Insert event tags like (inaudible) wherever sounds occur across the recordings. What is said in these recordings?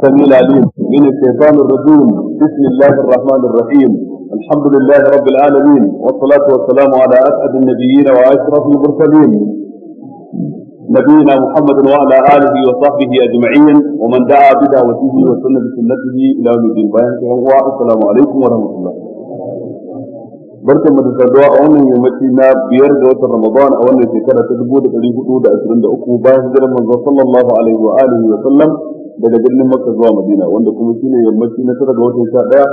السميع العليم من الشيطان الرجيم بسم الله الرحمن الرحيم الحمد لله رب العالمين والصلاة والسلام على أسعد النبيين وأشرف المرسلين نبينا محمد وعلى آله وصحبه أجمعين ومن دعا بدعوته وسن بسنته إلى يوم الدين بيان السلام عليكم ورحمة الله بركة مدرسة da saduwa a wannan رمضان أولا biyar ga watan Ramadan a wannan من صلى الله عليه وآله وسلم daga birnin makka zuwa madina wanda kuma shine yammaci na tara ga watan sha daya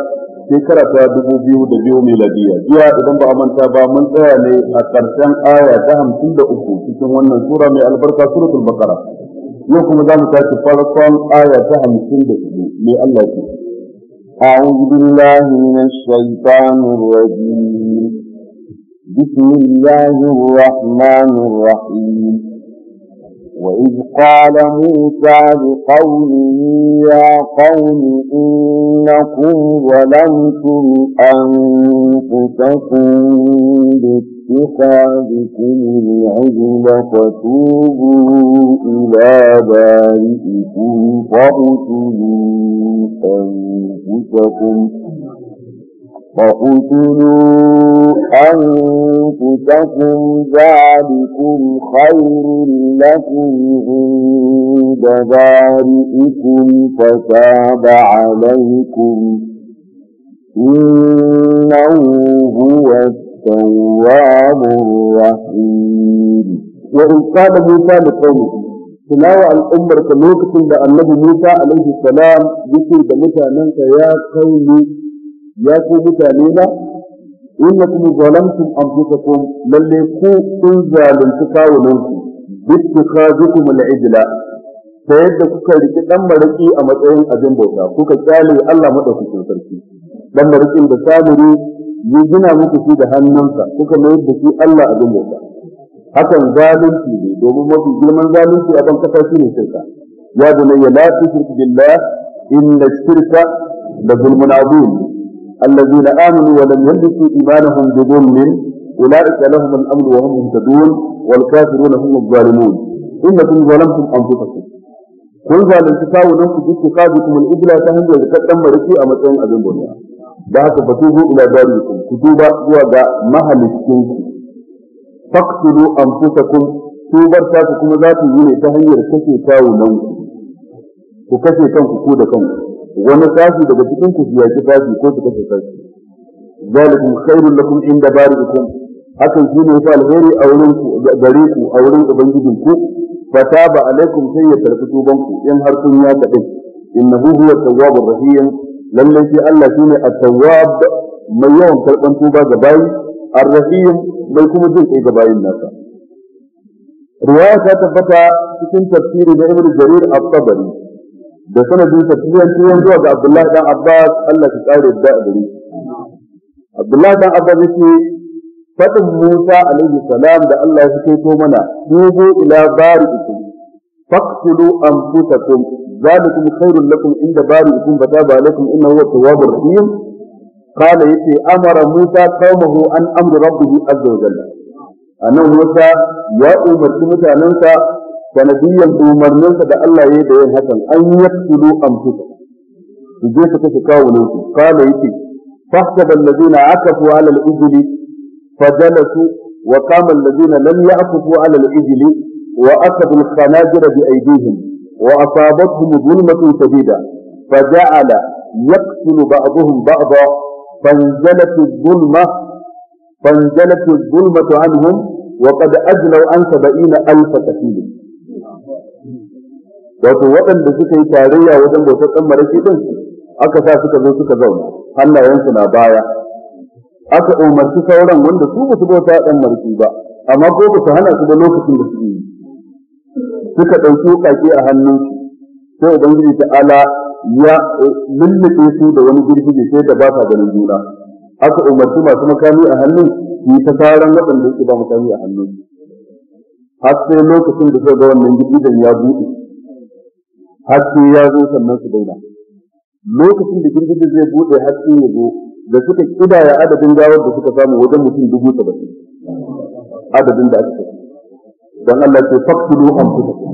shekara ta dubu biyu da biyu miladiya jiya idan ba a manta ba mun tsaya ne a ƙarshen aya ta hamsin da uku cikin wannan sura mai albarka suratul bakara yau kuma za mu tashi farkon aya ta hamsin da uku mai Allah ce أعوذ بالله من الشيطان الرجيم بسم الله الرحمن الرحيم وإذ قال موسى لقومه يا قوم إنكم ظلمتم أنفسكم باتخاذكم العجل فتوبوا إلى بارئكم فاقتلوا أنفسكم فقتلوا أنفسكم ذلكم خير لكم عند بارئكم فتاب عليكم إنه هو التواب الرحيم وإن موسى لقومه تلاوى الأمر كنوكة لأن النبي موسى عليه السلام ذكر بمتى يا قومي ya ce mutane na innakum zalamtum anfusakum lalle ku sun zalunci kawunan ku bittukazukum al-ijla ta yadda kuka riƙe ɗan maraki a matsayin abin bauta kuka kyale Allah madaukakin sarki Ɗan marakin da samuri ya gina muku shi da hannunsa kuka mayar da shi Allah abin bauta hakan zalunci ne domin mafi girman zalunci a kan kasa shi ne shirka ya bunayya la tushrik billah inna shirka la zulmun azim الذين آمنوا ولم يلبسوا إيمانهم بظلم أولئك لهم الأمر وهم مهتدون والكافرون هم الظالمون إنكم ظلمتم أنفسكم kun zalunci kawunanku nan ku jike kaji kuma ibla ta hanyar da kaddan mariki a matsayin abin duniya da haka ba tubu ila darikum ku tuba zuwa ga mahalicin ku faqtulu anfusakum tubar ta kuma za ta yi ne ta hanyar kashe ku ku kashe kanku ku da kanku wani sashi daga cikin ku ya ki sashi ko ki kashe sashi zalikum khairul lakum inda bari'ikum hakan shine yafi alheri a wurin ku gare ku a wurin ubangijin ku fataba alaikum sai ya tarfi tuban ku in har kun ya kadai innahu huwa tawwabur rahim lalle shi Allah shine at-tawwab mai yawan karban tuba ga bayi ar-rahim mai kuma jin kai ga bayin nasa riwaya ta tabbata cikin tafsiri da Ibn Jarir at-Tabari da sanadin sa tiyan tiyan zuwa ga Abdullahi dan Abbas Allah ka kare da gare Abdullahi dan Abbas yake fadin Musa alaihi salam da Allah ya kaito mana dubu ila bari'ikum faqtulu anfusakum zalikum khairul lakum inda bari'ikum fataba alaikum innahu huwa rahim قال يتي أمر Musa, قومه an أمر ربه عز وجل أنه موسى يا ya umarci ننسى sanadiyyar umarninsa da Allah ya yi da yin hakan an yaktulu amfusa su je su kashe kawunan su kala yake fahsaba alladhina akafu ala al-ijli fajalasu wa qama alladhina lam ya'kufu ala al-ijli wa akabu al-khanajir bi aydihim wa asabathum dhulmatun shadida faja'ala يقتل بعضهم بعضا فانزلت الظلمة فانزلت الظلمة عنهم وقد أجلوا عن سبعين ألف كثير wato waɗanda suka yi tarayya wajen bautar ɗan maraki ɗin aka sa suka zo suka zauna hannayensu na baya aka umarci sauran wanda su ba su bauta ɗan maraki ba amma ko ba su hana su ba lokacin da suke yi suka ɗauki wuƙaƙe a hannunsu sai ubangiji ta'ala ya eh, lullube su da wani girgije sai da ba sa ganin juna aka umarci masu makami a hannun su yi ta saran waɗanda suke ba makami a hannunsu har sai lokacin da zai ga wannan girgizan ya buɗe har sai ya zo sannan su daina lokacin da girgizan zai buɗe har sai ya zo da suka kidaya adadin gawar da suka samu wajen mutum dubu saba'in adadin da aka kashe dan Allah ce an anfusakum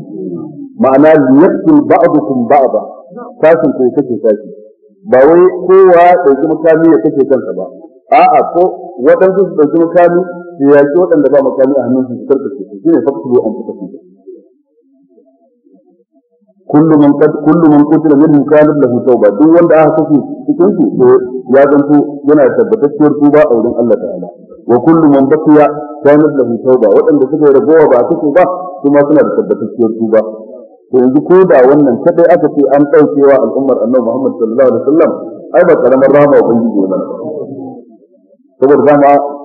ma'ana yaktul ba'dukum ba'da kashin ko kake kashi ba wai kowa ɗauki mukami ya kashe kansa ba a'a ko waɗansu su ɗauki mukami? su yaƙi waɗanda ba makami a hannun su su karkace su shine faktulu an fuka su kullu man qad kullu man qutila minhum kana lahu tauba duk wanda aka kashe cikin su to ya zanto yana tabbatacciyar tuba a wurin Allah ta'ala wa kullu man baqiya kana lahu tauba waɗanda suka yi rabuwa ba a kashe ba kuma suna da tabbatacciyar tuba to yanzu ko da wannan kadai aka ce an ɗaukewa al'ummar annabi Muhammad sallallahu alaihi wasallam ai ba karamar rama ubangiji ba saboda dama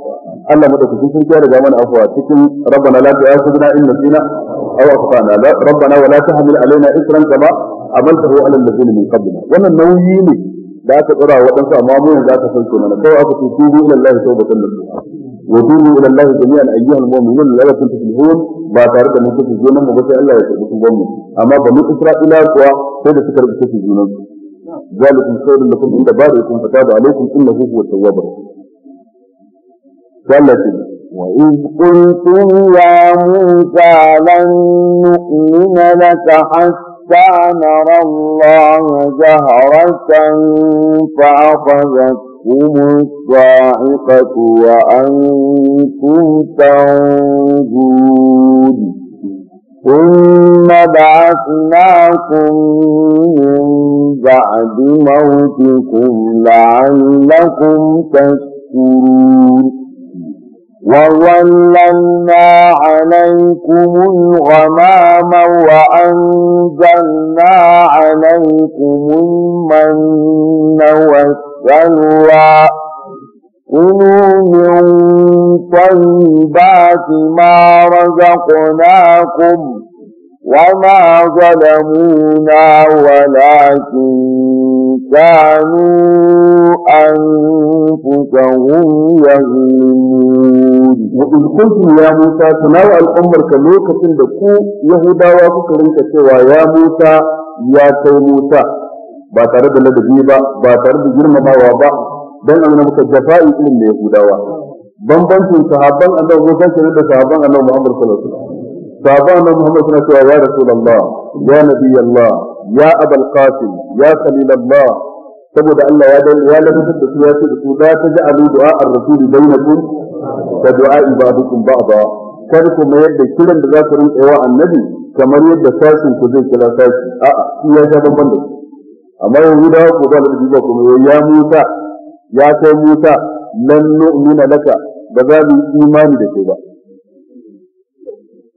Allah madaukakin sun ya riga mana afwa cikin rabbana la tu'akhidna in nasina aw akhtana rabbana wa la tahmil alaina isran kama amaltahu ala alladhina min qablina wannan nauyi ne da aka tsara waɗansu amma mu yanzu aka san mana kawai aka ce tubu ila Allah tawbatan nasuha wa tubu ila Allah jami'an ayyuhal mu'minun la yakun tuflihun ba tare da mun kace junan mu ba sai Allah ya karbi tuban mu amma ba mu Isra'ila kuwa sai da suka rubuta junan su zalikum khairun lakum inda barikum fataba alaikum innahu huwa tawwabur rahim ثلاثة وإذ قلتم يا موسى لن نؤمن لك حتى نرى الله جهرة فأخذتكم الصاعقة وأنتم تنظرون ثم بعثناكم من بعد موتكم لعلكم تشكرون وظللنا عليكم الغمام وأنزلنا عليكم المن والسلوى كلوا من طيبات ما رزقناكم وما ظلمونا ولكن كانوا أنفسهم يظلمون وإن قلتم يا موسى تناوى الأمر كلوكة لكو يهودا وفكرين كسوى يا موسى يا كي موسى ba tare da ladabi ba ba tare da girmamawa ba dan an muka jafa'i irin da yahudawa bambancin sahabban annabi Musa kenan da sahabban annabi Muhammad sallallahu alaihi wasallam sahabban annabi Muhammad sallallahu alaihi wasallam ya rasulullah ya nabiyallah ya abal qasim ya khalilallah saboda Allah ya dan ya lafazar da su ya ce da su la taj'alu du'a ar-rasul bainakum ka du'a ibadukum ba'da kar ku mayar da kiran da za ku rinka yawa annabi kamar yadda sashin ku zai kira sashi a'a shi ya sha amma yanzu da ku ga da ba ku ya Musa ya kai Musa lan nu'mina laka ba za mu imani da kai ba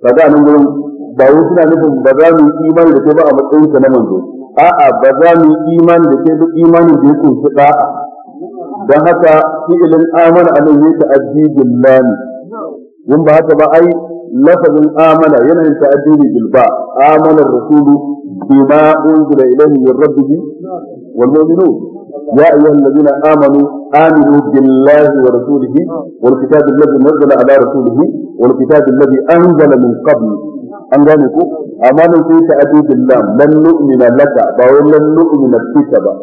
kaga nan gurin ba wai suna nufin ba za mu yi imani da kai ba a matsayin ka na manzo a'a ba za mu yi imani da kai duk imanin da ya kunshi da'a dan haka fi'ilin amana anan yake ta'addidul lami in ba haka ba ai lafazin amana yana yin ta'addidi bil ba amana rasulu bima unzila ilayhi min rabbihi wal mu'minun يا أيها الذين آمنوا آمنوا بالله ورسوله والكتاب الذي نزل على رسوله wal kitab alladhi anzala min qabl an gane ko amma nan sai ta adu billah lan nu'mina laka ba wai lan nu'mina bika ba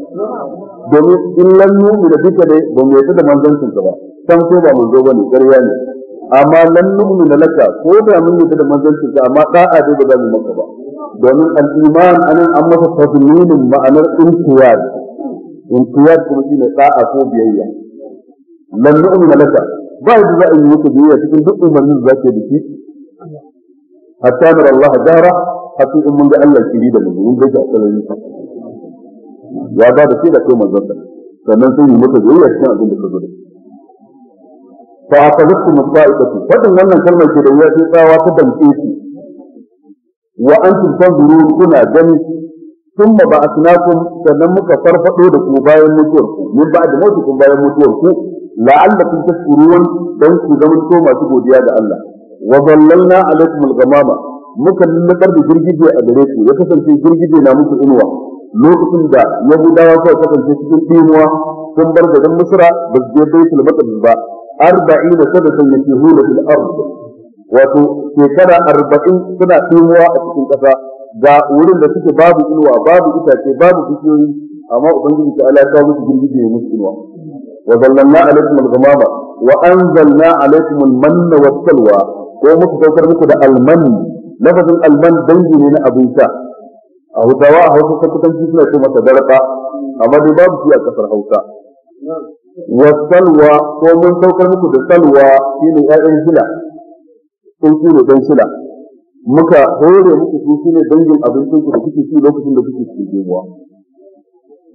domin in lan nu'mina bika dai ba mu yadda da manzancin ka ba san ko ba manzo bane ƙarya ne amma lan nu'mina laka ko da mun yadda da manzancin ka amma da'a dai ba za mu maka ba domin al-iman anan an masa tadminin ma'anar inqiyad ko biyayya laka ba yadda za a yi maka biyayya cikin duk umarnin da zaka yi da shi hatta nar Allah jara hatta in mun ga Allah kiri da mu mun ga shi a salon ya ba da shi da kai manzon sa sannan sai yi maka biyayya cikin abin da ka zo da fa akalatkum as-sa'iqatu fadin wannan kalmar ke da ya ce tsawa ta damke shi wa antum tanzurun kuna gani ثم بعثناكم sannan muka farfado da ku bayan mutuwarku min ba'd mautikum bayan mutuwarku la'allakum tashkurun dan ku zamanto masu godiya ga Allah wa zallalna alaikum al-ghamama muka lullukar da girgije a gare ku ya kasance girgije na muku inuwa lokacin da yahudawa suka kasance cikin dimuwa sun bar garin misra ba su je baitul maqdis ba arba'ina sadatan yatihuna fil ard wato shekara arba'in suna dimuwa a cikin ƙasa ga wurin da suke babu inuwa babu itace babu bishiyoyi amma ubangiji ta alaka musu girgije ya musu inuwa وظللنا عليكم الغمامة وأنزلنا عليكم المن والسلوى ko muku saukar muku da alman lafazin alman dangi ne na abin sha a hutawa a hausa ta kusanci suna ce masa daraka amma dai babu shi a kasar hausa wa salwa ko mun saukar muku da salwa shi ne ƴaƴan shila sun shi ne dan shila muka hore muku su shine dangin abincin ku da kuke ci lokacin da kuke cikin yunwa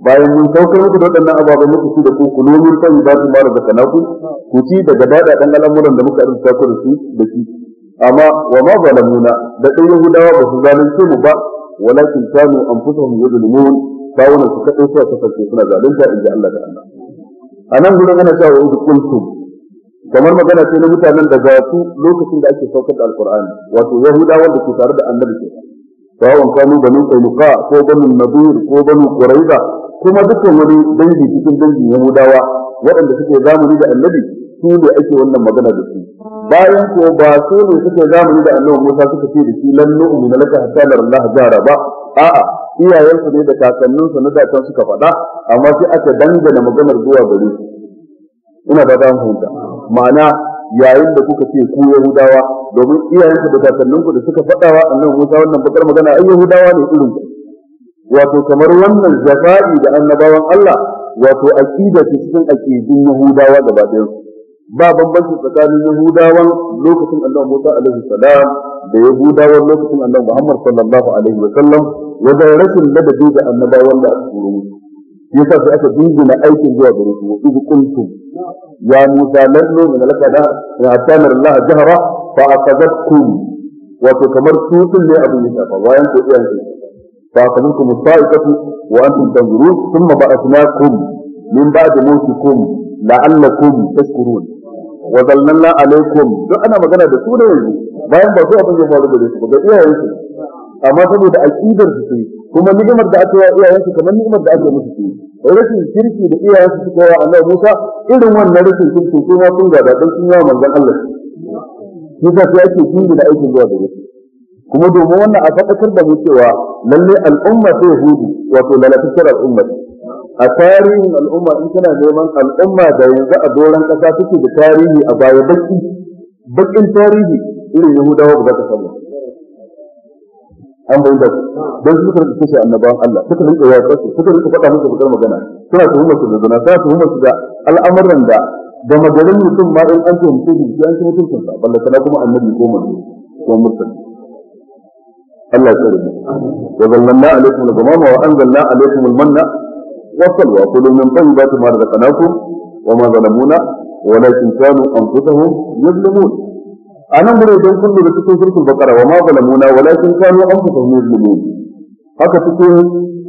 bayan mun saukar muku da waɗannan ababen muku ci da ku ku nomin kan ba su mara da kanaku ku ci daga daɗa ɗan al'amuran da muka arzuta ku da su da shi amma wa ma zalamuna da ɗan yahudawa ba su zalunce mu ba walakin kanu anfusahum yuzlimun kawunan su kaɗai suka kasance suna zalunta inji Allah da Allah a nan gudun ana cewa yanzu kuntum kamar magana ce na mutanen da ga su lokacin da ake saukar da alkur'ani wato yahudawa da ke tare da annabi ke sawon kanu banu qainuqa ko banu nadir ko banu kuraiba kuma dukkan wani dangi cikin dangin yahudawa waɗanda suke zamani da annabi su ne ake wannan magana da su bayan ko ba su ne suke zamani da annabi Musa suka ce da shi lan na laka hatta la Allah jara ba a'a iyayensu ne da su na da suka faɗa amma sai aka dangana maganar zuwa gare su ina ba zan fahimta ma'ana yayin da kuka ce ku Yahudawa domin iyayenku da kakanninku da suka faɗawa annabi Musa wannan bakar magana ai Yahudawa ne irin ku wato kamar wannan jafa'i da annabawan Allah wato aqida ce cikin aqidun yahudawa gaba ɗayan ba bambanci tsakanin yahudawan lokacin Allah Musa alaihi salam da yahudawan lokacin Allah Muhammad sallallahu alaihi wa sallam wajen rashin ladabi da annabawan da aka turo musu yasa sai aka dingina aikin zuwa gare su idh qultum ya Musa lan nu'mina laka da hatta nara Allah jahra fa aqadatkum wato kamar tutun ne abin ya shafa bayan ko iyayen فأخذتكم الصائقة وأنتم تنظرون ثم بعثناكم من بعد موتكم لعلكم تشكرون وظللنا عليكم duk ana magana da su da yanzu bayan ba su abin da faru da su ga iyayensu amma saboda aqidar su ce kuma ni'imar da aka yi iyayensu kamar ni'imar da aka musu ce rashin kirki da iyayensu suka yi Allah Musa irin wannan rashin kirki su ma sun gada dan sun yawa manzon Allah shi ta sai ake kingi da aikin zuwa gare su kuma domin wannan a tabbatar da mu cewa lalle al'umma ta yahudu wato lalataccen al'umma a tarihin al'umma in kana neman al'umma da yanzu a doron kasa take da tarihi a baya baki bakin tarihi irin yahudawa ba za ka samu an bai da dan su suka kashe annabawan Allah suka rinka ya kasu suka rinka faɗa musu bakar magana suna tuhumar su da zina suna tuhumar su da al'amuran da da magarin mutum ma in an tuhumce shi an tuhumce shi ba balla kana kuma annabi ko manzo ko mursali ألا تردوا وظللنا عليكم الغمام وأنزلنا عليكم المنة وصلوا وقلوا من طيبات ما رزقناكم وما ظلمونا ولكن كانوا أنفسهم يظلمون أنا مريد أن كل بسكو سورة البقرة وما ظلمونا ولكن كانوا أنفسهم يظلمون هكا تكون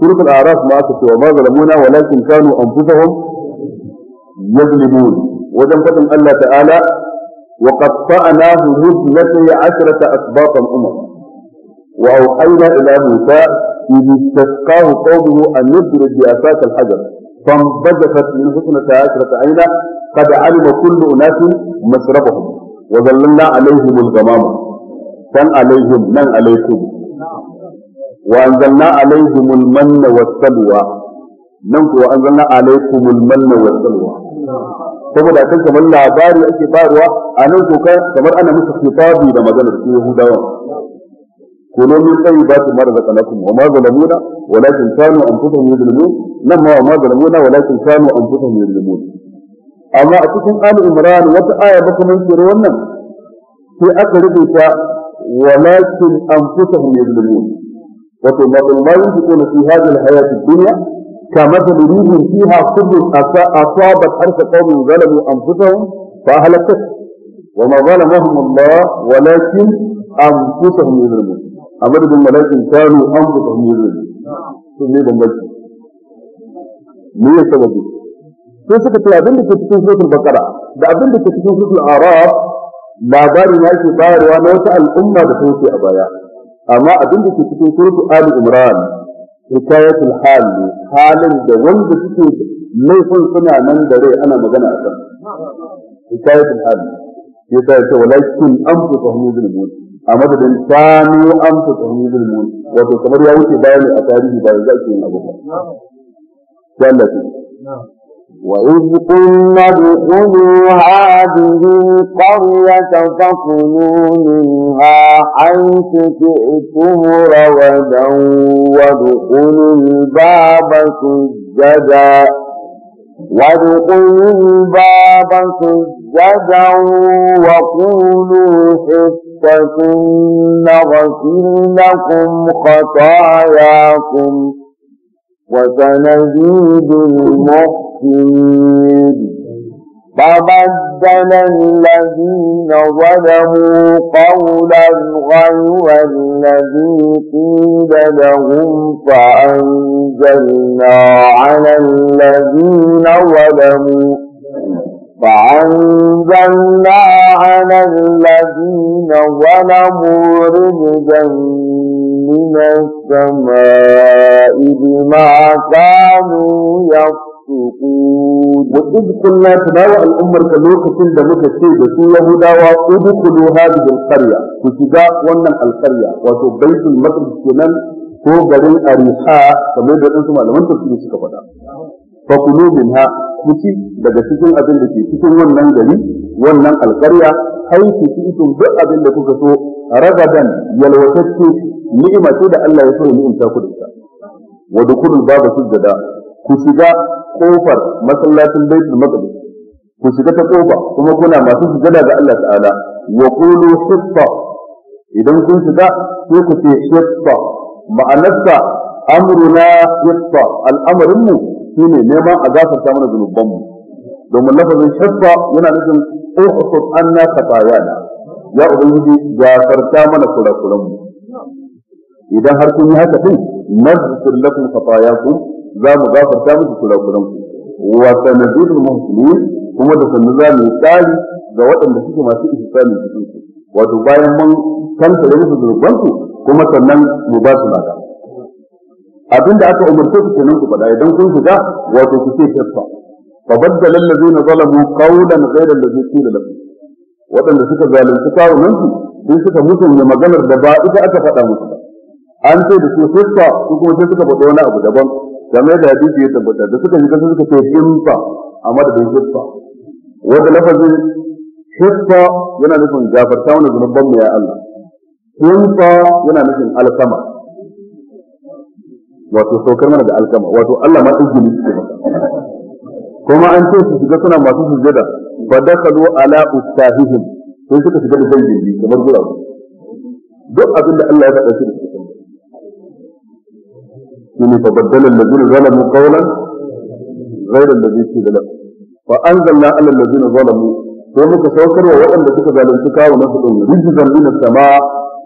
سورة الأعراف ما أكتو وما ظلمونا ولكن كانوا أنفسهم يظلمون وجم الله تعالى وقد طعناه مثلتي عشرة أسباط الأمم وأوحينا إلى موسى إذ استسقاه قومه أن يضرب بأساس الحجر فانبجست من حسنة عشرة عينا قد علم كل أناس مشربهم وظللنا عليهم الغمام فان عليهم من عليكم وأنزلنا عليهم المن والسلوى نمت وأنزلنا عليكم المن والسلوى manna wa salwa saboda kan kamar labari ake faruwa a nan ko kamar ana musu kitabi da maganar su Yahudawa كلوا من طيبات ما رزقناكم وما ظلمونا ولكن كانوا انفسهم يظلمون لما وما ظلمونا ولكن كانوا انفسهم يظلمون اما اتكم ال عمران وتا ايه بكم من سوره ونن في اقربك ولكن انفسهم يظلمون وفي ما ما ينفقون في هذه الحياه الدنيا كمثل ريح فيها كل اصابت حرث قوم ظلموا انفسهم فاهلكت وما ظلمهم الله ولكن انفسهم يظلمون a bin malakin kanu an fi samu ne sun ne bambanci me ya sababi sai suka ce abin da ke cikin suratul baqara da abin da ke cikin suratul araf labari na yake bayarwa na wata al'umma da ta wuce a baya amma abin da ke cikin suratul ali imran hikayatul hal halin da wanda suke laifin suna nan da rai ana magana a kan hikayatul hal yasa ya ce walakin an fi samu ne a madadin sanu an ta tsamidul mun wato kamar ya wuce bayani a tarihi ba za ki yin abu ba sallati وإذ قلنا ادخلوا هذه القرية فكلوا منها حيث شئتم رغدا وادخلوا الباب سجدا وادخلوا الباب سجدا وقولوا حفظا تتقون غفر لكم خطاياكم وسنزيد المحسنين فبدل الذين ظلموا قولا غير الذي قيل لهم فأنزلنا على الذين ظلموا فأنزلنا على الذين ظلموا رجزا من السماء بما كانوا يفسقون وإذ كنا تناوى الأمر كلوك تلد مكسيد في يهودا وادخلوا هذه القرية كتجاء ونن القرية وتبيت المقدس كنان هو garin Ariha kamar da ɗansu malaman tafsiri suka faɗa. Fakulu min ha ku ci daga cikin abin da ke cikin wannan gari wannan alƙarya ai ku ci cikin duk abin da kuka so ragadan yalwatacce ni'ima ce da Allah ya so ya ni'imta ku da ita wa dukulul baba sujjada ku shiga kofar masallacin baitul maqdis ku shiga ta kofa kuma kuna masu sujada ga Allah ta'ala wa qulu hifa idan kun shiga sai ku ce hifa ma'anarsa amruna hifa al'amarinmu shine neman a gafarta mana zunuban mu domin lafazin shaffa yana nufin uhsuf anna khatayana ya ubangiji gafarta mana kurakuran mu idan har kun yi haka din nazkur lakum khatayakum za mu gafarta muku kurakuran ku wa sanadul muhsinin kuma da sanin za mu tsari ga waɗanda suke masu ihsani cikin su wato bayan mun kanta da musu zunuban kuma sannan mu ba su lada abinda aka umarce ku kenan ku faɗa idan kun shiga wato ku ce shaffa fa baddala allazina zalamu qawlan ghayra allazi qila lahum waɗanda suka zalunci kawunan su sun suka mutunta maganar da ba ita aka faɗa musu ba an ce da su shaffa su kuma sai suka faɗa wani abu daban game da hadisi ya tabbata da suka shiga suka ce shaffa a madadin shaffa wanda lafazin shaffa yana nufin gafarta wani zunuban mu ya Allah shaffa yana nufin alkama wato saukar mana da alkama wato Allah ma izini suke masa kuma an ce su shiga suna masu sujada fa dakhalu ala ustahihim sai suka shiga da dangin bi kamar gurabu duk abin da Allah ya faɗa shi da su shine fa baddala alladhina zalamu qawlan ghayra alladhi qila lahum fa anzalna ala alladhina zalamu sai muka saukar wa waɗanda suka zalunci kawo nasu din rijzan min sama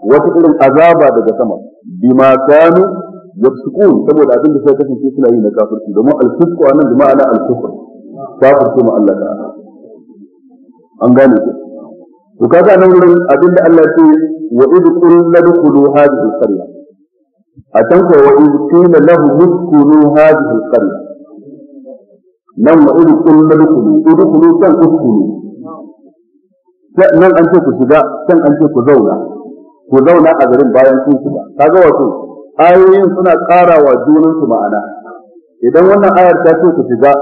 wata irin azaba daga sama bima kanu yafsuqun saboda abin da suka kasance suna yi na kafirci domin al a nan da ma'ana al-kufr kafirci ma Allah ta'ala an gane ku to kaga nan wurin abin da Allah ce wa id qulna dukhulu hadhihi al-qarya a can ko wa id qila lahu dukhulu hadhihi al-qarya nan wa id qulna dukhulu dukhulu kan dukhulu nan an ce ku shiga can an ce ku zauna ku zauna a garin bayan kun shiga kaga wato ayoyin suna ƙara wa junansu ma'ana idan wannan ayar ta ce ku shiga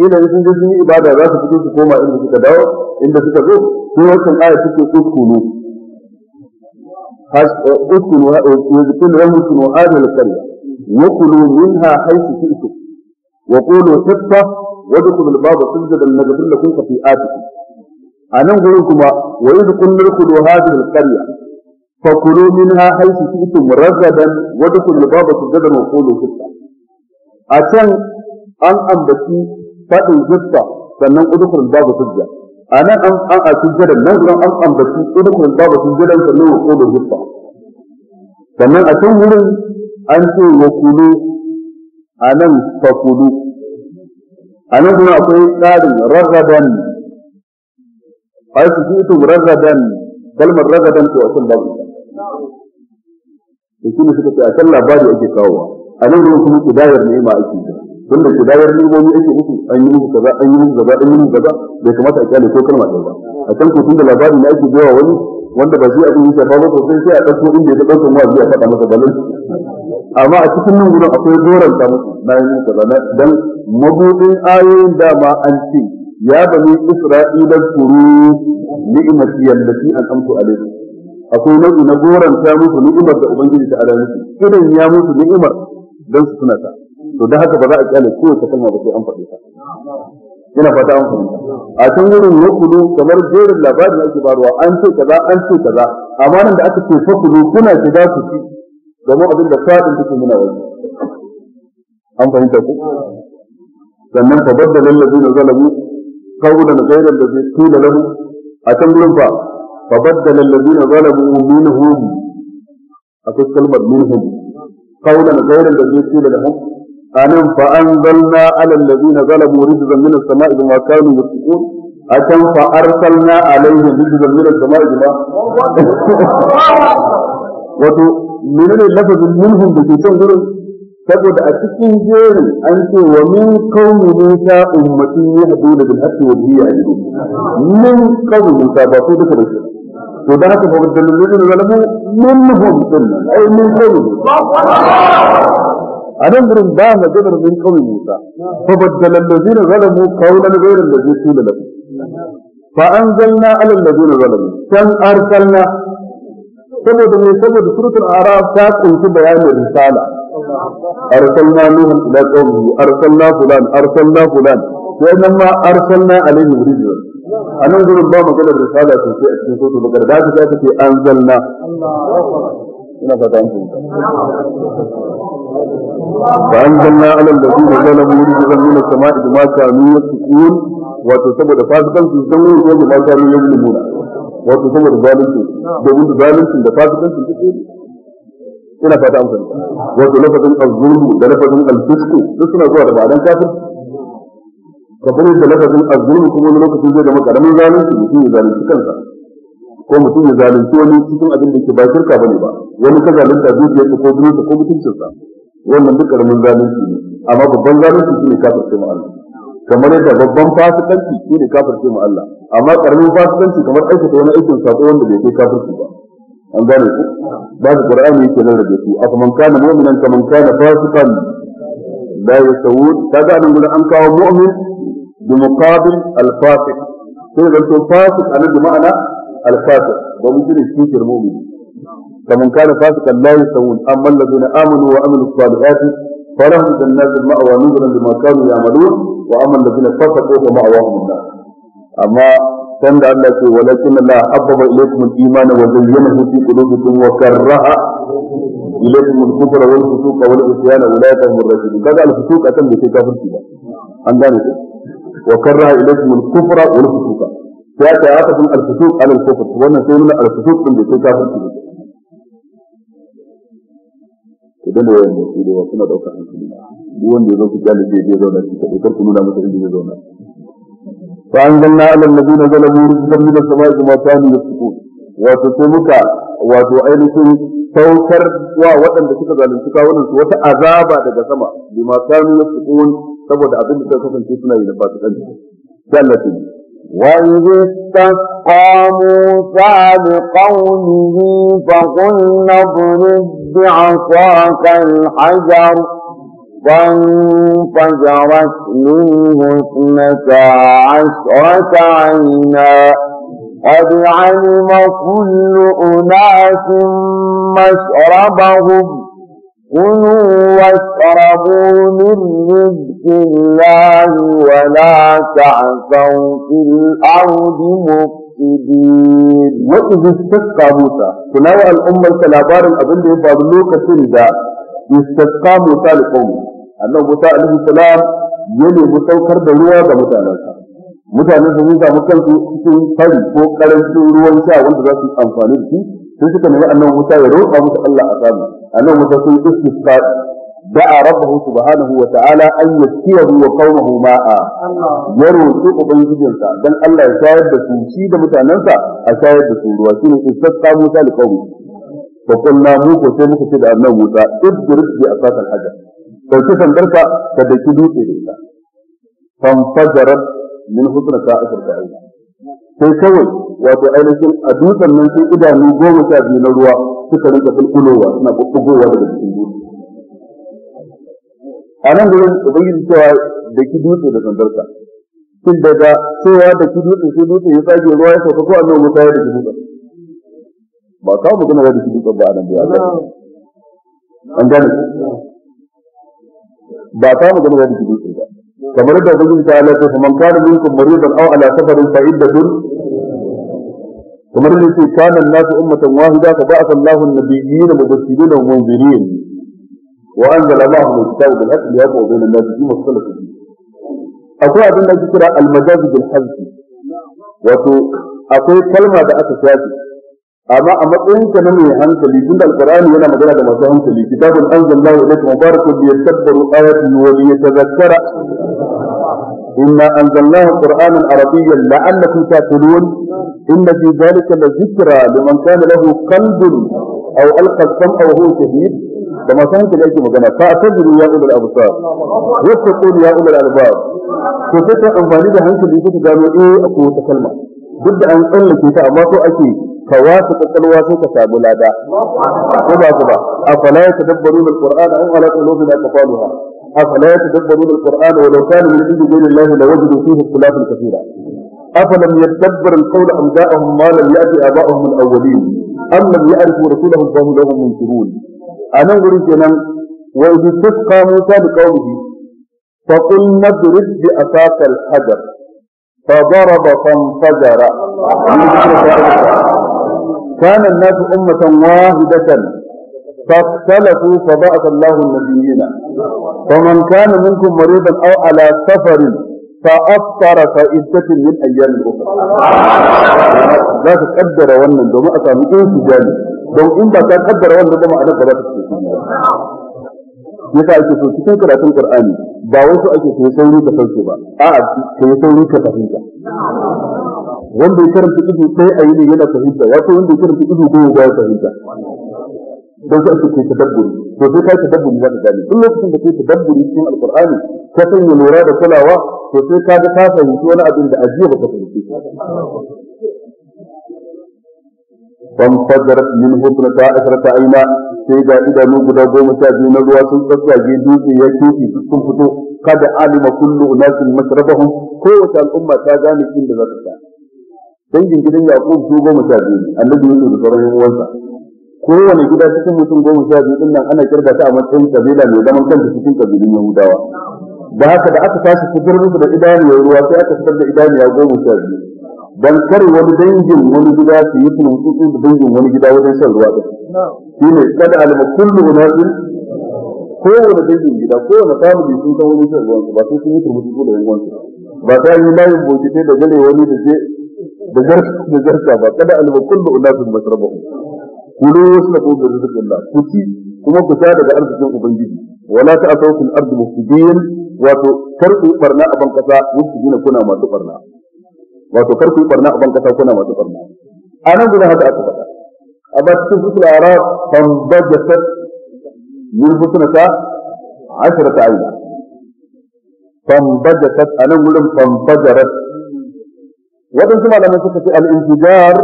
ila sun je sun yi ibada za su fito su koma inda suka dawo inda suka zo sai wannan ayar take uskunu eh, uskunu eh, yuzkun rahmatun wa adal kalla wa kulu minha haythu shi'tum wa qulu hitta wa dkhulul baba sujadan naghfir lakum khati'atikum anan gurin kuma wa yuzkun nurkudu hadhihi al-qarya فكلوا منها حيث شئتم رغدا وادخلوا الباب سجدا وقولوا حسنا عشان ان انبتي فاتوا جثة فانهم ادخلوا الباب سجدا انا ام ام سجدا نظرا ام انبتي ادخلوا الباب سجدا فانهم وقولوا حسنا فانا عشان مرن انت وكلوا انا فكلوا انا هنا اقول قال رغدا حيث شئتم رغدا بل من رغدا فاتوا الباب سجدا to shi ne suka ce a kan labari ake kawowa a nan gurin kuma kidayar ni'ima ake da tunda kidayar ni'imomi ake musu an yi musu kaza an yi musu kaza an yi musu kaza bai kamata a kyale ko kalma ɗaya ba a can ko da labari ne ake bayawa wani wanda ba shi a ya shafa ba sosai sai a ɗauko inda ya ɗaukan mu a faɗa masa balin amma a cikin nan gurin akwai goranta musu na yi musu kaza dan mabuɗin ayoyin dama an ce ya bani isra'ila kuru ni'imati yallati an amtu alaikum akwai nau'i na ta musu ni'imar da ubangiji ta ala musu idan ya musu ni'imar dan su tunata to da haka ba za a kyale kowace kalma ba sai an faɗi ta ina fata an fahimta a can wurin yakulu kamar jerin labarin ake barwa an ce kaza an ce kaza amma nan da aka ce fakulu kuna shiga ku ci domin abin da fadin take muna wani an fahimta ku sannan fa baddala allazina zalamu qawlan da zai qila lahu a can gurin fa فبدل الذين ظلموا منهم أكيد كلمة منهم قولا غير الذي قيل لهم أنم فأنزلنا على الذين ظلموا رجزا من السماء بما كانوا يفسقون أكم فأرسلنا عليهم رجزا من السماء بما wato menene lafazin minhum da ke saboda a cikin jeri an ce wa min kaumi musa ummati yahduna bil haqqi wa bihi ya'dilun min kaumi musa ba su duka da shi وده هكذا بالدلولين اللي منهم سنة أي من قوم أنا أمرهم بها مجدر من قوم موسى فبدل الذين ظلموا قولا غير الذي قيل لهم فأنزلنا على الذين ظلموا كم أرسلنا سبب من سبب سورة الأعراف ta kunshi بيان الرسالة أرسلنا nuhan إلى قومه أرسلنا فلان أرسلنا فلان وإنما أرسلنا ma رجلا a nan gurin ba maganar risala sosai a cikin sotu bakar da ta ta ce an zalla ina fata an fahimta fa an zalla alal da zuwa zalamu rijizan min as-sama'i bima kanu yasqun wato saboda fasikan su sun yi wani ma kanu yazlimuna wato saboda zalunci domin zalunci da fasikan su suke ina fata an fahimta wato lafazin al zulmu da lafazin al-fisqu duk suna zuwa da ma'anar kafin? kamar yadda lafazin azzulmu kuma wani lokacin zai zama karamin zalunci mutum ya zalunci kansa ko mutum ya zalunci wani cikin abin da ke ba shirka bane ba wani ka zalunta dukiyarsa ko dukiyarsa ko mutuncinsa wannan duk karamin zalunci ne amma babban zalunci shine kafirce mu Allah kamar yadda babban fasikanci shine kafirce mu Allah amma karamin fasikanci kamar aikata wani aikin sako wanda bai kai kafirci ba an gane ku ba da qur'ani yake nan da a afaman kana mu'minan kaman kana fasikan لا يسوون هذا أنا أقول أنك مؤمن بمقابل الفاسق فإذا أنت الفاسق أنا بمعنى الفاسق ومثل الشيك المؤمن فمن كان فاسقا لا يسوون أما الذين آمنوا وأمنوا الصالحات فلهم جنات المأوى نزلا بما كانوا يعملون وأما الذين فسقوا فمأواهم الناس أما كان الله يقول ولكن الله حبب إليكم الإيمان وزينه في قلوبكم وكره إليكم الكفر والفسوق والعصيان أولئك هم الراشدون كذا الفسوق أتم بشيء كافر فيها عن ذلك وكره إليكم الكفر والفسوق فأتى عاقبكم الفسوق على الكفر ونسينا الفسوق من بشيء كافر فيها idan da wayan da su da suna daukar hankali duk wanda ya zo ku jalibe zai zauna shi kaɗai kar ku nuna masa inda zai zauna فأنزلنا على الذين ظلموا رجلا من السماء بما كانوا يفسقون وتسومك وتعيرك توكر ووطن بسكة ذلك سكة ونس وتعذاب على السماء بما كانوا يفسقون تبود عبد الله كفن كيفنا إلى باتك أنت وإذ استسقى موسى لقومه فقلنا اضرب بعصاك الحجر فانفجرت منه اثنتا عشرة عينا قد علم كل أناس مشربهم كلوا واشربوا من رزق الله ولا تعثوا في الأرض مفسدين وإذ استسقى موسى تناوى الأمة كالعبار الأبن يفعل لوكة سندا يستسقى موسى لقومه annabi Musa alaihi salam ya nemi saukar da ruwa ga mutanensa mutanen su sun samu kansu cikin fari ko karancin ruwan sha wanda za su amfani da shi sai suka nemi annabi Musa ya roƙa musu Allah a samu annabi Musa sun istisqa da'a rabbahu subhanahu wa ta'ala an yaskiyahu wa qaumahu ma'a ya roƙi ubangijinsa dan Allah ya shayar da su shi da mutanensa a shayar da su ruwa shine istisqa Musa liqaumi فقلنا da سيمك سيد أنه موسى a بأساس الحجر dauki sandarka ka daki dutse da ita kan fajarar min husna ta a da sai kawai wato ainihin a dutsen nan sai idanu goma sha biyu na ruwa suka rinka fulkulowa suna bubbugowa daga cikin dutse a nan gurin ubangiji cewa da dutse da sandarka kin daga cewa daki dutse sai dutse ya tsage ruwa ya sauka ko annabi Musa ya da dutse ba kawo magana da ki dutse ba a nan gurin an gane ba ta mu gani da kike dutse ba kamar da ubangiji ta Allah ta man kana minkum maridan aw ala safarin fa iddatun kamar da yake kana nasu ummatan wahida fa ba'atha Allahu an-nabiyyin mubashirin wa munzirin wa anzala Allahu al-kitaba bil haqqi liyahkuma bayna an-nasi fima ikhtalafu fihi akwai abin da ake kira al-majaz bil hazfi wato akwai kalma da aka shafi amma a matsayinka na mai hankali tun da alqur'ani yana magana da masu hankali kitabun anzalallahu ilayka mubarakun liyadabbaru ayatihi wa liyatadhakkara inna anzalnahu qur'anan arabiyyan la'allakum taqilun inna fi dhalika lazikra liman kana lahu qalbun aw alqa as-sam'a wa huwa shahid da masu hankali ake magana fa atadru ya ulul absar wa taqulu ya ulul albab to sai ta amfani da hankali kuka gano eh akwai wata kalma duk da an tsallake ta amma ko ake فواسط الواسطة كابولا دا كبا كبا أفلا يتدبرون القرآن أو على قلوب لا تقالها أفلا يتدبرون القرآن ولو كانوا من عند غير الله لوجدوا فيه اختلافا كثيرا أفلم يتدبر القول أم جاءهم ما لم يأتي آباؤهم الأولين أم لم يعرفوا رسولهم فهم لهم منكرون أنا أقول لك وإذ تسقى موسى بقوله فقل نضرب بأساس الحجر فضرب فانفجر kana nasu ummatan wahidatan فاختلفوا فبعث الله النبيين فمن كان منكم مريضا او على سفر فافطر فعدة من ايام اخرى لا تقدر wannan domin a samu insijali don in ba ka kaddara wannan ba ma'anar ba za ta yasa ake so cikin karatun Qur'ani ba wasu ake so sauri ka ba a'a ka ka wanda ya karanta ido sai a yi ne yana fahimta ya sai wanda ya karanta ido ko ya fahimta don sai ake kai tadabburi to sai kai tadabburi za ka gane duk lokacin da kai tadabburi cikin alqur'ani ka sanya lura da kulawa to sai ka ga ka fahimci wani abin da ajiya ba ka fahimci فانفجرت ta اثنتا ta aina sai ga idanu guda goma ta biyu na ruwa sun tsatsage dutse ya kefe sun fito kada alima kullu unasin masrabahum kowace al'umma ta gane inda za ta dangin gidan yaqub su goma sha biyu annabi yusuf da sauran uwansa kowane gida cikin mutum goma sha biyu din nan ana kirga ta a matsayin kabila mai zaman kanta cikin kabilun yahudawa da haka da aka tashi fitar musu da idaniyar ruwa sai aka fitar da idaniya goma sha biyu dan kar wani dangin wani gida su yi tuntutu da dangin wani gida wajen shan ruwa din shine kada alma kullu unasin kowane dangin gida kowane family sun san wani shan ruwan ba sai sun yi turmutu da yan ba sai yi layin bokite da gare wani da je da jarka ba kada alba kullu unasin masrabahu kulu wasrabu bi rizqillah kuti kuma ku sa daga arzikin ubangiji wala ta'thaw fil ardi mufsidin wato karku barna a bankasa mufsidina kuna masu barna wato karku barna a bankasa kuna masu barna anan guda haka aka faɗa a ba cikin fusul arab tambajasat min fusulata asharata ayyuka tambajasat anan gurin tambajarat waɗansu malaman suka ce al-intijar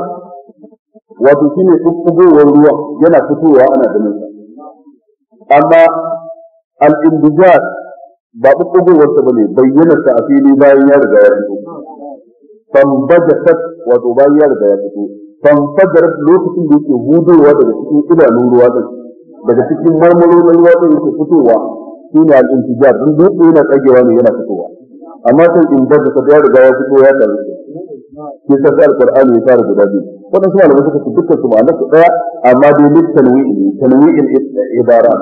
shi ne tsugowar ruwan yana fitowa ana ganin sa amma al-indijar ba tsugowar ta bane bayyana sa a fili bayan ya riga ya fito fambajasat wato bayan ya riga ya fito famfajarat lokacin da yake hudowa daga cikin idanun ruwa din daga cikin marmarorin ruwa din yake fitowa shi ne intijar duk yana tsagewa ne yana fitowa amma sai in da ya riga ya fito ya tabbata shi ta sai alqur'ani ya fara guda biyu wannan suna da suka dukkan su ma'anar su daya amma dai lit tanwi'i tanwi'il ibara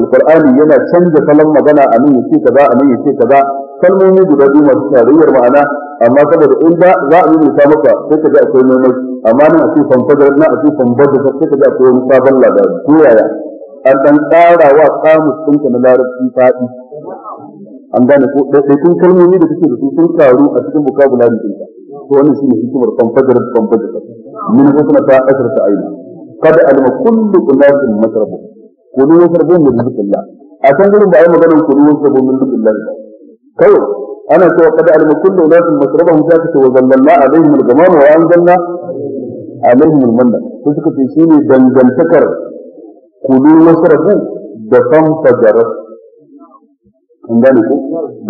alqur'ani yana canza salon magana a nan yace kaza a nan yace kaza kalmomi guda biyu masu tarayyar ma'ana amma saboda in da za a yi nisa maka sai ka ji akwai nomai amma nan a ce fanfadar na a ce fanfadar sai ka ji akwai wani sabon labari ko yaya an dan ƙara wa kamus ɗinka na larabci faɗi an gane ko ɗaiɗaikun kalmomi da suke da su sun karu a cikin bukabulari ɗinka to wannan shine hikimar fanfajar fanfajar min husna ta asar ta aina kad alma kullu unasin masrabu kullu yasrabu min rizqillah a kan gurin da ai maganar kullu yasrabu min rizqillah kai ana cewa kad alma kullu unasin masrabahum ta kace wa zallalna alaihim al-ghamama wa anzalna alaihim al-manna to suka ce shine dangantakar kullu yasrabu da fanfajar an gane ko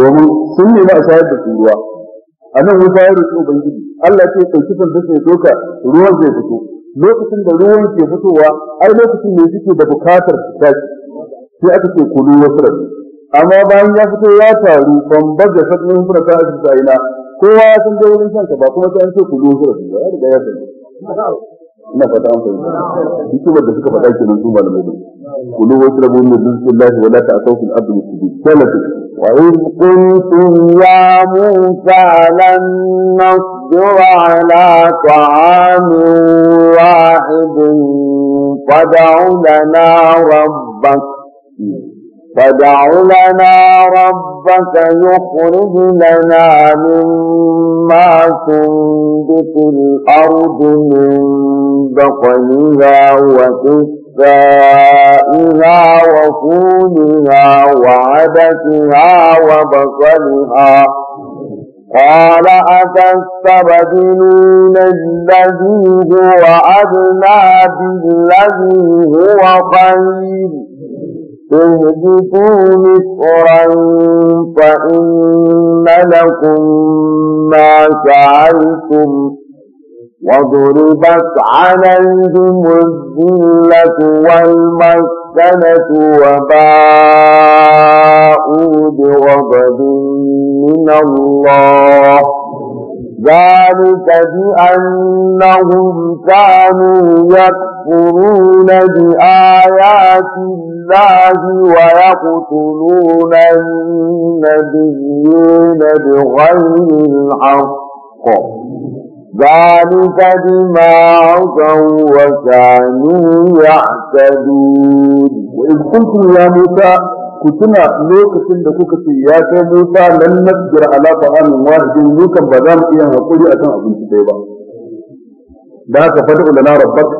domin sun nemi a shayar da su a nan wuta ya roƙi ubangiji Allah ce kifin da ya doka ruwan zai fito lokacin da ruwan ke fitowa ai lokacin ne yake da bukatar fita sai aka ce kulu wasu rabi amma bayan ya fito ya taru ban baje sabbin fura ta asibiti a ina kowa ya san dai wurin shanka ba kuma sai an ce kulu wasu rabi ba ya riga ya ina fata an fahimta hikimar da suka faɗa kenan su malamai كلوا واشربوا من رزق الله ولا تأتوا في الأرض مفسدين ثالثا وإذ قلتم يا موسى لن نصبر على طعام واحد فدع لنا ربك فدع لنا ربك يخرج لنا مما تنبت الأرض من بقلها وكسرها بائها وفودها وعدتها وبصلها قال أتستبدلون الذي هو أدنى بالذي هو خير اهبطوا مصرا فإن لكم ما سعيتم وضربت عليهم الذلة والمسكنة وباءوا بغضب من الله ذلك بأنهم كانوا يكفرون بآيات الله ويقتلون النبيين بغير الحق ذلك بما عصوا وكانوا يعتدون وإذ قلتم يا موسى كتنا لوك سندك كتن يا موسى لن نقدر على طعام واحد لوكا بدام إياه وقولي أتنع أبن كتابا لا فدع لنا ربك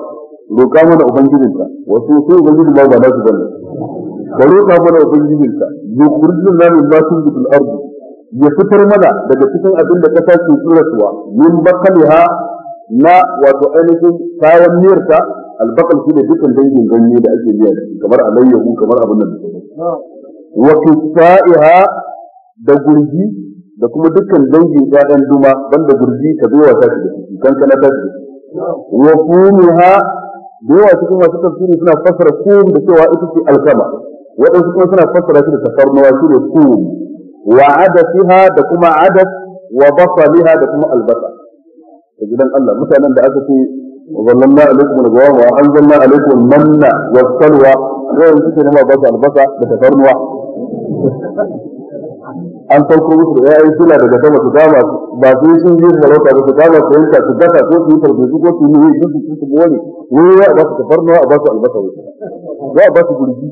roƙa mana ubangijinka wasu sai ubangiji ma ba za su bane ka roƙa mana ubangijinka yukhrijuna min ma tunbitul ya fitar mana daga cikin abin da kasa ke tsurasuwa min bakaliha na wato ainihin kayan miyarta albakal shi da dukkan dangin ganye da ake biya da kamar alayyahu kamar abin nan wa kisaiha da gurji da kuma dukkan dangin ƴaƴan duma banda gurji ka zuwa ta shi da ciki kana ta shi wa kumiha da yawa cikin masu tafsiri suna fassara kum da cewa ita ce alkama waɗansu kuma suna fassara shi da tafarnuwa shi ne kum wa adasiha da kuma adas wa basaliha da kuma albasa da gidan Allah mutanen da aka ce zallanna alaikum al-gawam wa anzalna alaikum manna wa ba da an farko musu da yayin suna daga sama su dama ba su yi sun yi malauta ba su dama su yanka su daka ko su yi farfesu ko su yi yi su su wani wani ya ba su tafarnuwa a ba su albasa wani ya ba su gurgi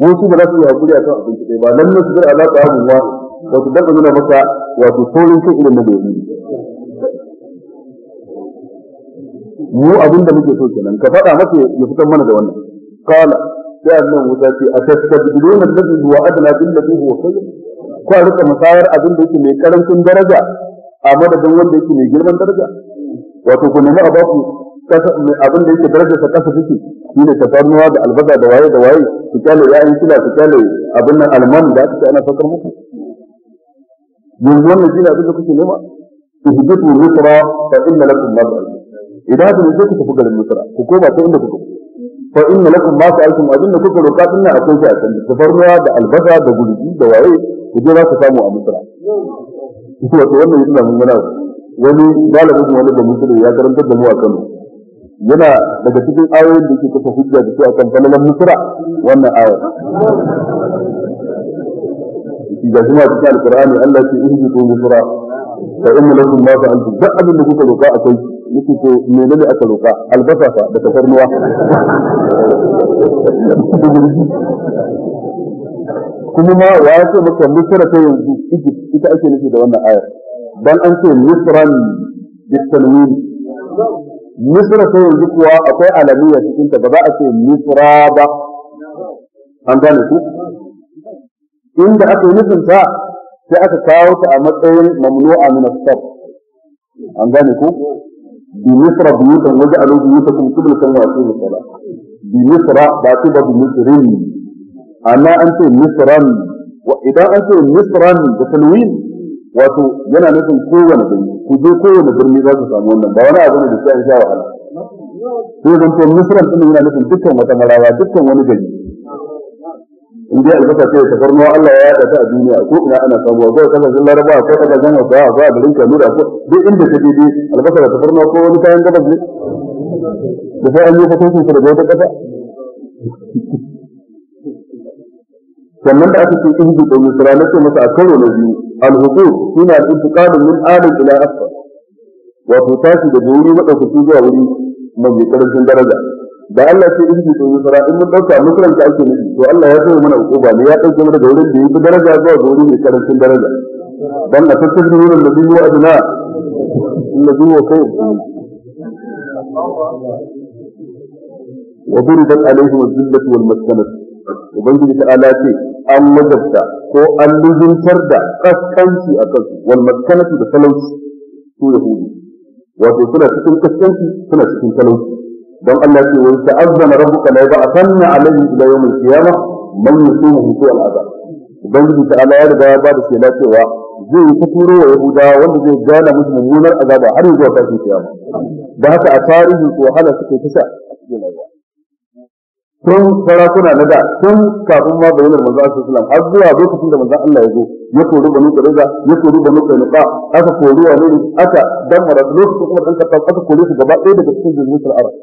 wasu ba za su yi hakuri a kan abinci ɗaya ba nan ne su zira alaƙa abu ba wato dan nuna maka wato saurin shi irin na gobe mu abin da muke so kenan ka faɗa masa ya fitar mana da wannan kala sai annabi wuta ce atastabdiluna alladhi huwa adna billati wa khayr ko a rika masayar abin da yake mai karancin daraja a madadin wanda yake mai girman daraja wato ku nemi a baku abin da yake darajar sa kasa take shi ne tafarnuwa da albasa da waye da waye su kyale ya'yan kila su kyale abin nan alman da aka ce ana saukar muku yanzu wannan shi ne abin da kuke nema ihbitu misra fa inna lakum ma ta'lamun idan haka ne sai ku tafi garin misra ku koma ta inda kuka fa inna lakum ma ta'lamun abin da kuka roka din nan akwai shi a can tafarnuwa da albasa da gurbi da waye ku je za ku samu a misra wato wannan yana mun gana wani galibin wani da musulmi ya karantar da mu a Kano yana daga cikin ayoyin da ke kafa hujja da su akan falalan misra wannan ayar shi ga kuma cikin alqur'ani Allah ya ce ihbitu misra fa inna lakum ma fa'altum da abin da kuka roka akwai yake ko menene aka roka albasa fa da tafarnuwa kuma ma ya ce maka misra ta yanzu Egypt ita ake nufi da wannan ayar dan an ce misran bitanwin misra ta yanzu kuwa akwai alamiya cikin ta ba za a ce misra ba an gane ku inda aka yi nufin ta sai aka kawo ta a matsayin mamnu'a min as-sab an gane ku bi misra buyutan waje alu buyutakum qiblatan wa aqimu salat bi misra ba ta ba bi misrin amma an ce misran wa idan an ce misran da tanwin wato yana nufin kowane birni ku je kowane birni za su samu wannan ba wani abu ne da sai an sha wahala sai zan to misran din yana nufin dukkan wata marawa dukkan wani gari in dai albasa ce ta farno Allah ya yada ta a duniya ko ina ana samuwa ko kasashen laraba ko kasashen hausawa ko a garin kanura ko duk inda ka je dai albasa ta farno ko wani kayan gabas ne da sai an yi fatoshin su da wata kasa sannan da aka ce ihu da misra na masa a karo na biyu الهبوط هنا الانتقال من آل إلى أسفل وفتاش دجوري وقفتي جاوري من يكرر درجة da Allah sai in jito yi fara in mun dauka musulun ka ake nufi to Allah ya zama mana ukuba ne ya dauke mana da wurin da yafi daraja zuwa ga wurin mai karancin daraja dan a tattabin wurin da biyu aduna inda biyu kai wa duridat alaihim az-zillatu wal maskanatu ubangiji ta ala ce an madabta ko an lujuntar da kaskanci a kansu wal maskanatu da talauci su yahudi wato suna cikin kaskanci suna cikin talauci don Allah ce wani ta'azzama a la yab'athanna alayhi ila yawm al-qiyamah man ya su al al'ada. ubangiji ta ala ya riga ya ba da shela cewa zai ta turo wa yahuda wanda zai gana musu mummunar azaba har zuwa kafin kiyama da haka a tarihin su wahala suke ta sha a cikin rayuwa tun sarakuna na da sun kafin ma bayyana manzo Allah sallallahu har zuwa lokacin da manzo Allah ya zo ya kori banu Qurayza ya kori banu Qainuqa aka kori wa ne aka damara lokacin kuma dan kafa aka kori su gaba ɗaya daga cikin jirgin Arab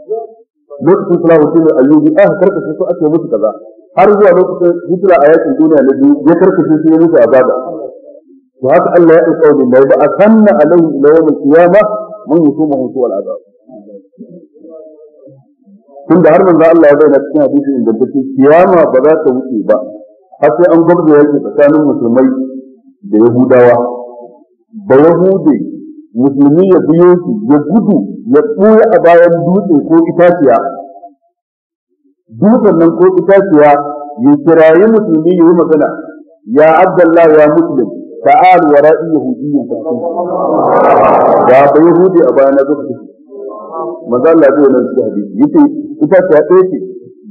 lokacin Salahuddin Ayyubi aka karkashe su aka musu kaza har zuwa lokacin hijira a yakin duniya na biyu ya karkashe su ya musu azaba to haka Allah ya wa alƙawari da ba asanna alaihi ila yawm al-qiyamah mun yusumu hu wal azab Tun da har manzo Allah ya bayyana cikin hadisi ingantacce kiyama ba za ta wuce ba har sai an gwabza yake tsakanin musulmai da yahudawa ba yahude musulmi ya biyo shi ya gudu ya tsoya a bayan dutse ko itaciya dutsen nan ko itaciya ya kirayi musulmi ya yi magana ya abdallah ya muslim ta'al wara'i yahudiyyan ta'al ga ba yahudi a bayan na zuwa manzo Allah ya wannan cikin hadisi yace ita ce ya ce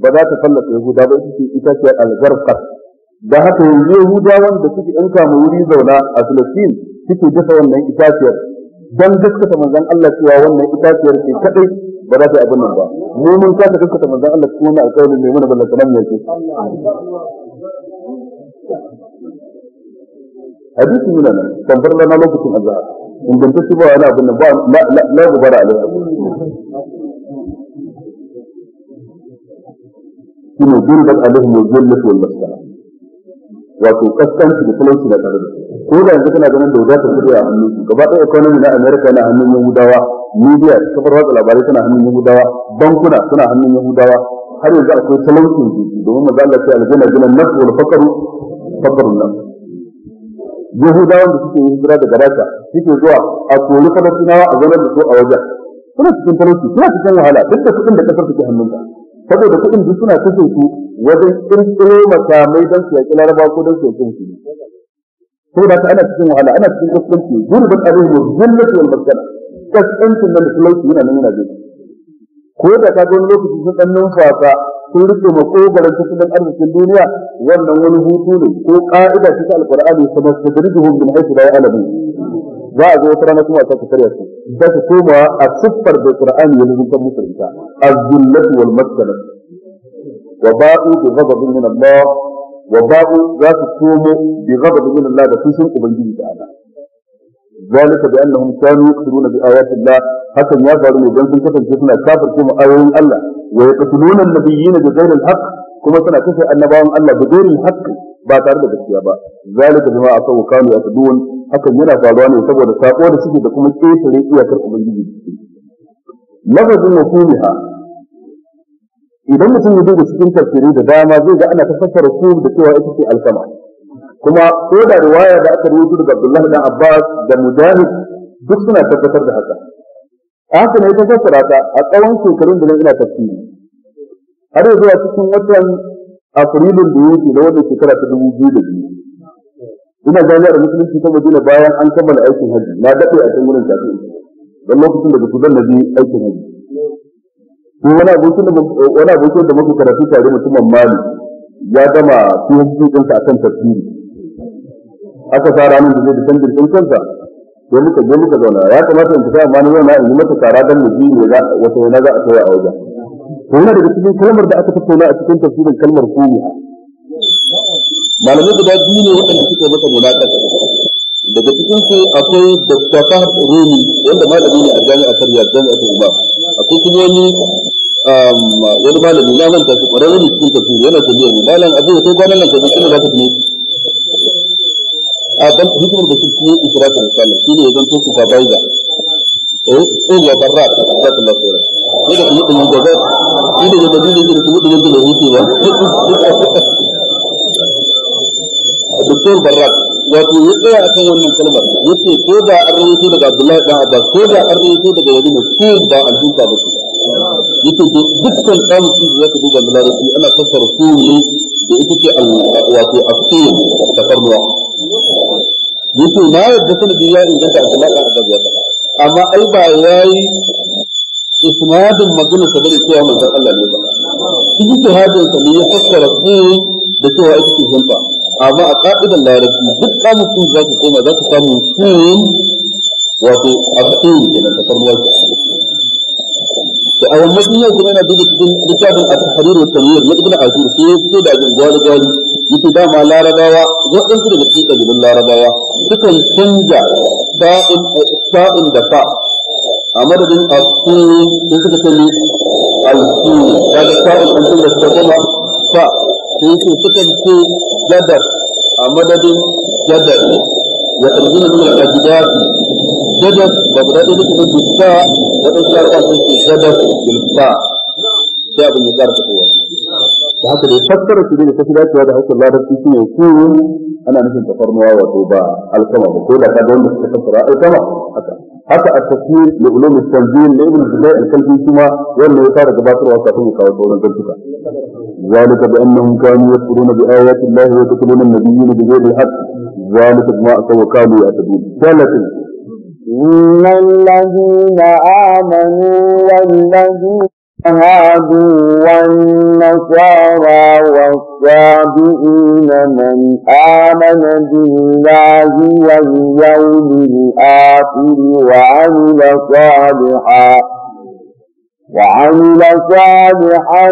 ba za ta fallasa yahuda ba ita ce ita ce al-zarqa da haka yanzu yahudawan wanda suke in kama wuri zauna a Filistin suke dafa wannan itaciyar don gaskata manzon Allah cewa wannan itaciyar ce kadai ba za ta yi abin nan ba mu mun kasa gaskata manzon Allah cikin wannan alƙawarin mai mana ballan kalam ne ce hadisi nuna nan tambar lana lokacin azhar ingantacce ba wani abin nan ba la gubara alaihi shine duribat alaihim al-jannatu wal maskana wato kaskanci da talauci da tare da ko da yanzu kana ganin da wadatar kudi a hannun su gaba ɗaya economy na America na hannun Yahudawa media kafar watsa labarai tana hannun Yahudawa bankuna suna hannun Yahudawa har yanzu akwai talaucin jiki domin maza Allah sai aljanna jinan nafsu wal faqru faqrun nafsu Yahudawan da suke yin hijira daga Rasha suke zuwa a kori Falastinawa a zaunar da su a wajen suna cikin talauci suna cikin wahala duk da kuɗin da kasar take hannunka saboda kuɗin duk suna kashe su wajen kirkiro makamai don su yaƙi laraba ko don su yaƙi musulmi saboda haka ana cikin wahala ana cikin kaskanci gurbin alaihi zillatu wal maskana kaskancin nan da talauci yana nan yana zuwa ko da ka ga lokaci sun dan numfasa sun rike makogaran tattalin arzikin duniya wannan wani hutu ne ko ka'ida ta da kamar tadrijuhum min da ya alamu. za a zo wata rana kuma a sake karya su za su koma a siffar da qur'ani ya zunta musu ita az-zillatu wal maskana wa ba'u bi ghadabin min Allah wa ba'u za su komo bi ghadabin min Allah da fushin ubangiji da Allah ذلك بأنهم كانوا يكفرون بآيات الله حتى يفعلوا من ذنب كفر كفنا كافر كما آيون الله ويقتلون النبيين بغير الحق كما سنة كفر أن الله بغير الحق بعد ذلك بما أصوا كانوا يتدون hakan yana faruwa ne saboda sako da suke da kuma ƙetare iyakar ubangiji lafazin mafhumiha idan mutum ya duba cikin tafsiri da dama zai ga ana tafassara ku da cewa ita ce alkama kuma ko da riwaya da aka rubuta daga Abdullahi dan Abbas da Mujahid duk suna tabbatar da haka haka ne ta fassara ta a tsawon shekarun da ina tafsiri har zuwa cikin watan Afrilun da yake da wannan shekara ta dubu biyu da biyu ina da musulunci ta madina bayan an kammala aikin hajji na daɗe a can wurin kafin dan lokacin daga sudan na biyu aikin hajji ko wani abokin da wani abokin da muka karatu tare mutumin mali ya gama PhD ɗinsa akan tafsiri aka sa ranar da zai da canjin ɗin kansa sai muka je muka zauna ya kamata in fita amma na in yi mata tsara dan mu ne za wata wani za a tsaya a wajen ko yana daga cikin kalmar da aka tattauna a cikin tafsirin kalmar kuma malamai guda biyu ne waɗanda suka mata mulaƙar daga cikin su akwai dr rumi wanda malami ne a jami'ar tarbiyyar jami'ar tarbiyyar akwai kuma wani um, wani malami na manta su ƙwararren ne cikin tafsiri yana tarbiyyar ne malam abin da kai kwanan nan kai kuma za ka tuni a dan hikimar da cikin isra ta misali shi ne ya zanto su bai da ko ya barra da ta ne da kuma da da kuma ba doktor barak wato ya tsaya akan wannan kalmar yace ko da an rawaito daga abdullahi dan abbas ko da an rawaito daga wani mutum ba aljuka ba yace dukkan tsamsi da zaka duba da larabci ana fassara su ne da ita ce wato afsir da farnuwa yace na yadda sanadi ya inganta abdullahi dan abbas ya faɗa amma ai ba yayi isnadin magana sa bane cewa manzon Allah ne ba ne ya fassara su da cewa ita amma a ƙa'idar larabci duk kamun sun za ka koma za ka samu sun wato a sun da na kasar ruwa ke to a wannan sun yau kuma yana duka cikin littafin a harir wa tanwir na ibn asir sai ya fito da abin gwali gwali yace dama larabawa waɗansu daga cikin ƙabilun larabawa sukan canza sa'in da fa a madadin a sun sai suka sani al-sun kaga sa'in an canza suka fa sun ce sukan ce gadar a madadin gadar ya tarjina min al-ajdati gadar da guda ɗaya take da bisa waɗansu laraba sun ce gadar bilfa sai abin ya ƙara tafowa da haka dai fassara su ta kashi dacewa da hakan larabci shi ne ku ana nufin tafarnuwa wato ba alkama ba ko da ka da wanda suka fassara alkama haka haka a tafiyar da ulumin tanzil na ibn zubair al-kalbi kuma wannan ya fara gabatarwa kafin ya kawo sauran zantuka ذلك بأنهم كانوا يكفرون بآيات الله ويقتلون النبيين بغير الحق ذلك بما أتوا وكانوا يعتدون ثالثا إن الذين آمنوا والذين هادوا والنصارى والصابئين من آمن بالله واليوم الآخر وعمل صالحا وعمل صالحا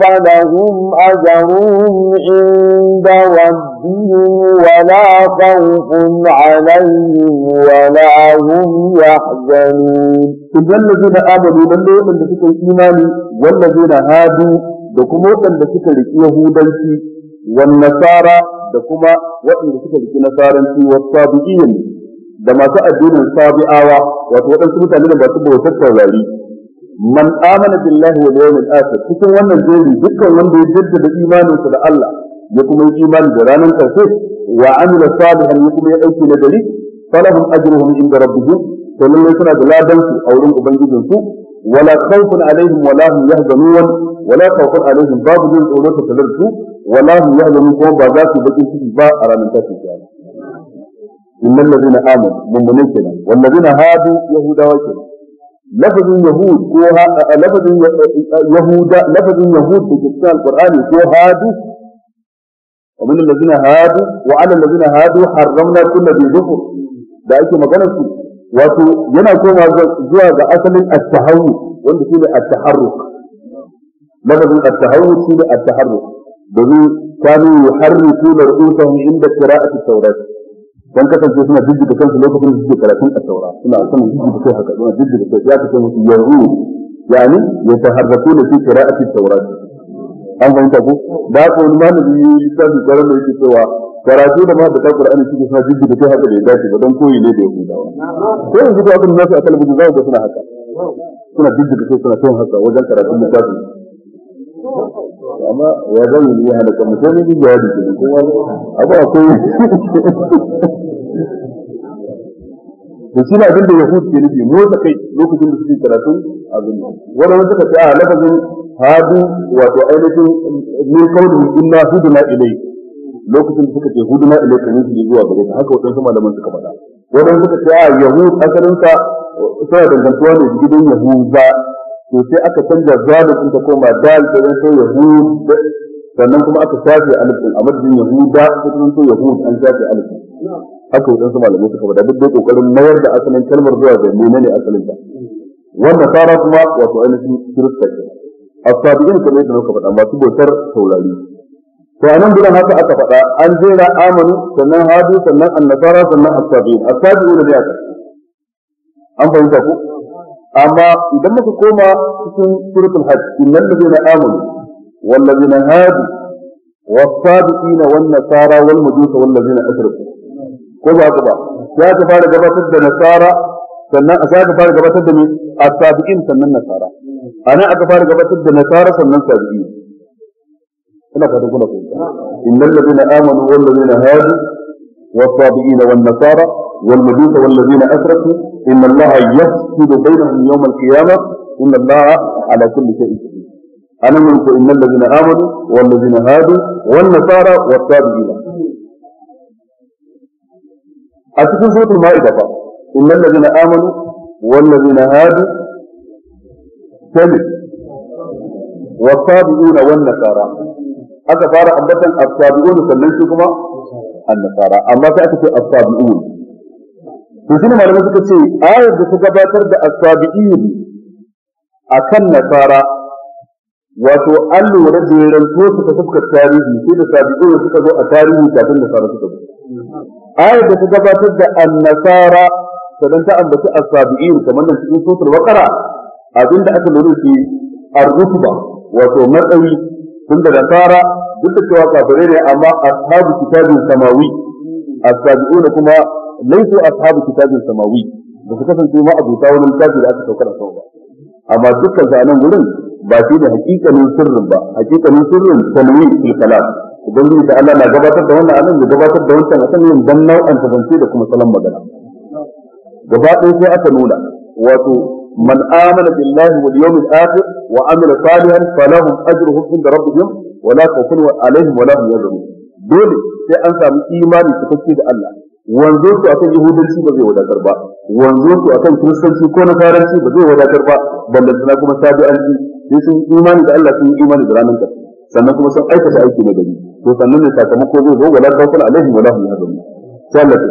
فلهم أجرهم عند ربهم ولا خوف عليهم ولا هم يحزنون إذا الذين آمنوا من لهم أن تكون إيمان والذين هادوا دكما أن تكون يهودانتي والنصارى دكما وأن تكون نصارانتي والصابئين دما تأدين الصابئة وتوكلت تكون الله بسبب وتعالى. man amana billahi wal yawmil akhir cikin wannan jeri dukkan wanda ya jaddada imaninsa da Allah ya kuma yi imani da ranar karshe wa amila salihan ya kuma ya dauke na gari falahum ajruhum inda rabbihim to lalle suna da ladan su a wurin ubangijin su wala khawfun alaihim wala hum yahzanun wala khawfun alaihim babu jin tsoro ta talar su wala hum yahzanun ko ba za su bakin ciki ba a ranar tashin kiyama innal ladina amanu mummunin kenan wal ladina hadu yahudawa kenan lafazin yahud ko lafazin yahuda lafazin yahud da cikin alqur'ani ko hadu wa min allazina hadu wa ala allazina hadu harramna kullu bi dhufr da ake magana su wato yana koma zuwa ga asalin at-tahawwu wanda shi ne at-taharruk lafazin at-tahawwu shi ne at-taharruk domin kanu yuharrikuna ru'usahum inda qira'ati at-tawrat dan kasance suna jijjiga kansu lokacin da suke karatun a saura suna suna jijjiga kai haka suna jijjiga kai ya kace musu yar'u yani ya taharraku da fi qira'ati tawrat an fahimta ko da ko wani malami ya yi tafi garin da yake cewa karatu da ma da ta qur'ani suke suna jijjiga kai haka da ya dace ba don koyi ne da ya hudawa ko yanzu ko abin nasu a talabijin za ku suna haka suna jijjiga kai suna son haka wajen karatun littafi amma ya zama yi ya halaka mutane ne jawabi kenan kowa abu akwai (laughs) to shi ne abin da yahud ke nufi motsa kai lokacin da suke karatu abin nan wannan suka ce a lafazin hadu wato ainihin min qawlihi inna Huduna ilayk lokacin da suka ce hudna ilayk ne su zuwa gare ka haka wadansu malaman suka faɗa wannan suka ce a yahud asalin sa suna dangantuwa ne gidan yahuda to sai aka canza zalikin ta koma dal da zan so yahud sannan kuma aka shafe alifin a madadin yahuda sai zan so yahud an shafe alifin haka wadansu malamai suka faɗa duk dai kokarin mayar da asalin kalmar zuwa ga menene asalin ta wannan tsara kuma wato ainihin kirista ke asabiin kamar yadda muka faɗa masu bautar taurari to anan gudan haka aka faɗa an jera amanu sannan hadu sannan annasara sannan asabiin asabiin ne aka an fahimta ku amma idan muka koma cikin suratul hajj innal ladina amanu wal ladina hadu والصادقين والنصارى والمجوس والذين اشركوا ko ba haka ba ya ka fara gabatar da nasara sannan a ka fara gabatar da ne a sabi'in sannan nasara a nan aka fara gabatar da nasara sannan sabi'in ina fata kuna ko innal ladina amanu wal ladina hadu والصابئين والنصارى والمجوس والذين اشركوا ان الله يفصل بينهم يوم القيامه ان الله على كل شيء قدير انا منكم ان الذين امنوا والذين هادوا والنصارى والصابئين a cikin suratul ma'ida fa innal ladina amanu wal ladina hadu tamil والصابئون nasara. aka fara ambatan as sannan shi kuma an-nasara amma sai aka ce as-sabi'un to shi malamai suka ce ayar da ta gabatar da asabi'in akan nasara wato an lura da yaranto suka fuskar tarihi sai da sabi'un suka zo a tarihi kafin nasara suka zo ayar da ta gabatar da annasara sannan ta ambaci asabi'in kamar nan cikin suratul baqara abinda aka lura shi ar-rutba wato matsayi tun da nasara duk da cewa kafirai ne amma ashabu kitabin samawi asabi'una kuma laisu ashabu kitabin samawi ba su kasance ma abuta wani littafi da aka saukar a ba amma dukkan zanen nan gurin ba shi da hakikanin sirrin ba hakikanin sirrin tanwi fil ubangiji ta Allah na gabatar da wannan anan ya gabatar da wancan a sanin dan nau'an tafance da kuma salon magana gaba ɗaya sai aka nuna wato man amana billahi wal yawmil akhir wa amila salihan falahum ajruhum inda rabbihim wa khawfun alaihim hum yahzanun dole sai an samu imani cikakke da Allah wanzo su akan yahudanci ba zai wadatar ba wanzo su akan kiristanci ko nasaranci ba zai wadatar ba ballantana kuma sabi'anci sai sun imani da Allah sun imani da ranar sannan kuma sun aikata aiki na gari to sannan ne sakamako zai zo wala kawfun alaihim wala sallatu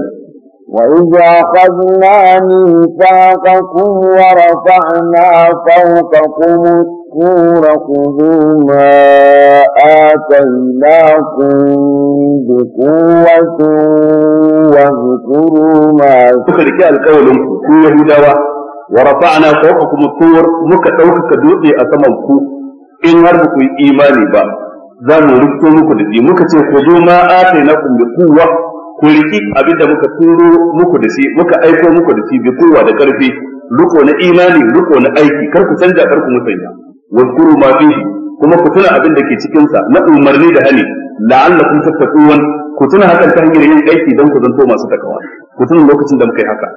وإذا أخذنا ميثاقكم ورفعنا فوقكم الطور خذوا ما آتيناكم بقوة واذكروا ما فيه القول ورفعنا فوقكم الطور مكة توكك دوتي أسمى إن هربكم إيماني بقى za mu rikto muku da shi muka ce ku zo ma atainakum bi quwwa ku riki abinda muka turo muku da shi muka aiko muku da shi bi quwwa da karfi riko na imani riko na aiki kar ku canja kar ku musanya wazkuru ma fihi kuma ku tuna abin da ke cikin sa na umarni da hali la'allakum tattaqun ku tuna hakan ta hanyar yin aiki don ku zanto masu takawa ku tuna lokacin da muka yi haka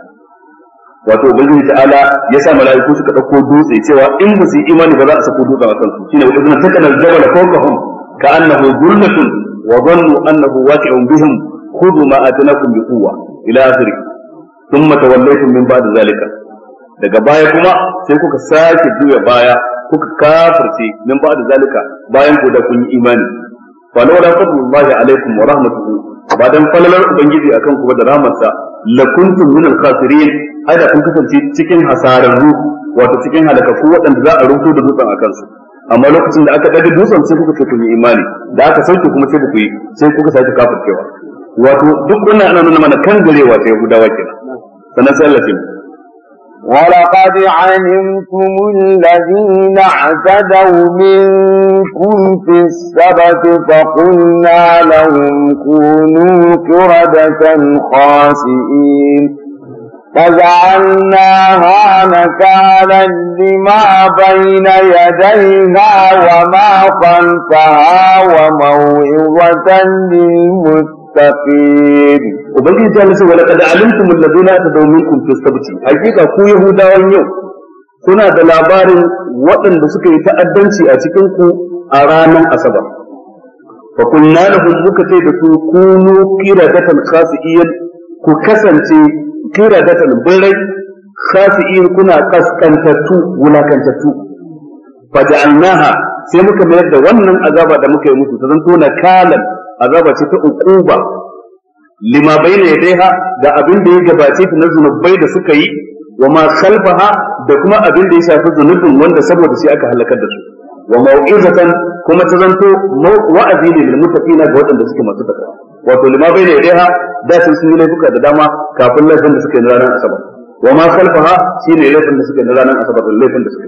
wato ubangiji ta'ala ya sa mala'iku suka dauko dutse cewa in ba su imani ba za a sako dutse a kansu shine wa idna takana al-jabala fawqahum كأنه جلة وظنوا أنه واقع بهم خذوا ما آتناكم بقوة إلى آخره ثم توليتم من بعد ذلك daga baya kuma sai kuka sake juya baya kuka kafirce min ba'da zalika bayan ku da kun yi imani fa law la fadlullahi alaikum wa rahmatuhu ba dan falalar ubangiji akan ku da rahmarsa la kuntum min al-khasirin ai da kun kasance cikin hasararru wato cikin halakaku waɗanda za a rubuta da dutsen akan su amma lokacin da aka daga dutsen sai kuka ce imani da aka sauke kuma sai ku yi sai kuka sake kafircewa wato duk wannan ana nuna mana kan garewa ta Yahudawa kenan sannan sai Allah ya ولقد علمتم الذين اعتدوا منكم في السبت فقلنا لهم كونوا كردة خاسئين فجعلناها نكالا لما بين يديها وما خلفها وموعظة للمتقين وبنجي جالس ولقد علمتم الذين اعتدوا منكم في السبت حقيقة كو يهودا يوم kuna da labarin waɗanda suka yi ta'addanci a cikin ku a ranar asabar fa kunna lahum muka ce da su kunu qiradatan khasiyyan ku kasance kira datan birrai khasi'in kuna kaskantattu wulakantattu faja'alnaha sai muka mayar da wannan azaba da muka yi musu ta zanto na kalan azaba ce ta ukuba lima bayna ha, da abin da ya gabace ta na zunubai da suka yi wa ma khalfaha da kuma abin da ya shafi zunubin wanda saboda sai aka halakar da su wa mau'izatan kuma ta zanto wa'azi ne lil na ga waɗanda suke masu takwa wato lima bai ne ha da sun sun yi laifuka da dama kafin laifin da suke na ranar asabar wa ma khalfaha ne laifin da suke na ranar asabar da laifin da suke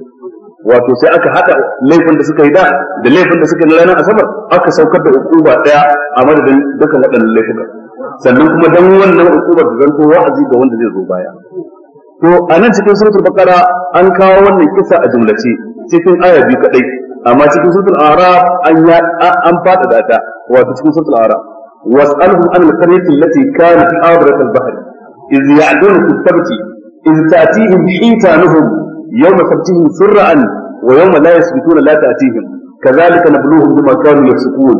wato sai aka hada laifin da suka yi da da laifin da suka yi na ranar asabar aka saukar da hukuma daya a madadin dukkan waɗannan laifuka sannan kuma dan wannan hukumar da zanto wa'azi ga wanda zai zo baya to a nan cikin suratul baqara an kawo wannan kisa a jumlace cikin aya kadai amma cikin suratul araf an ya an fada data wato cikin suratul araf was'alhum an al-qaryati allati kanat abrat al-bahr iz ya'dunu fi sabti iz ta'tihim hitanuhum yawma sabtihim sirran wa yawma la yasbituna la ta'tihim kadhalika nabluhum bima kanu yafsukun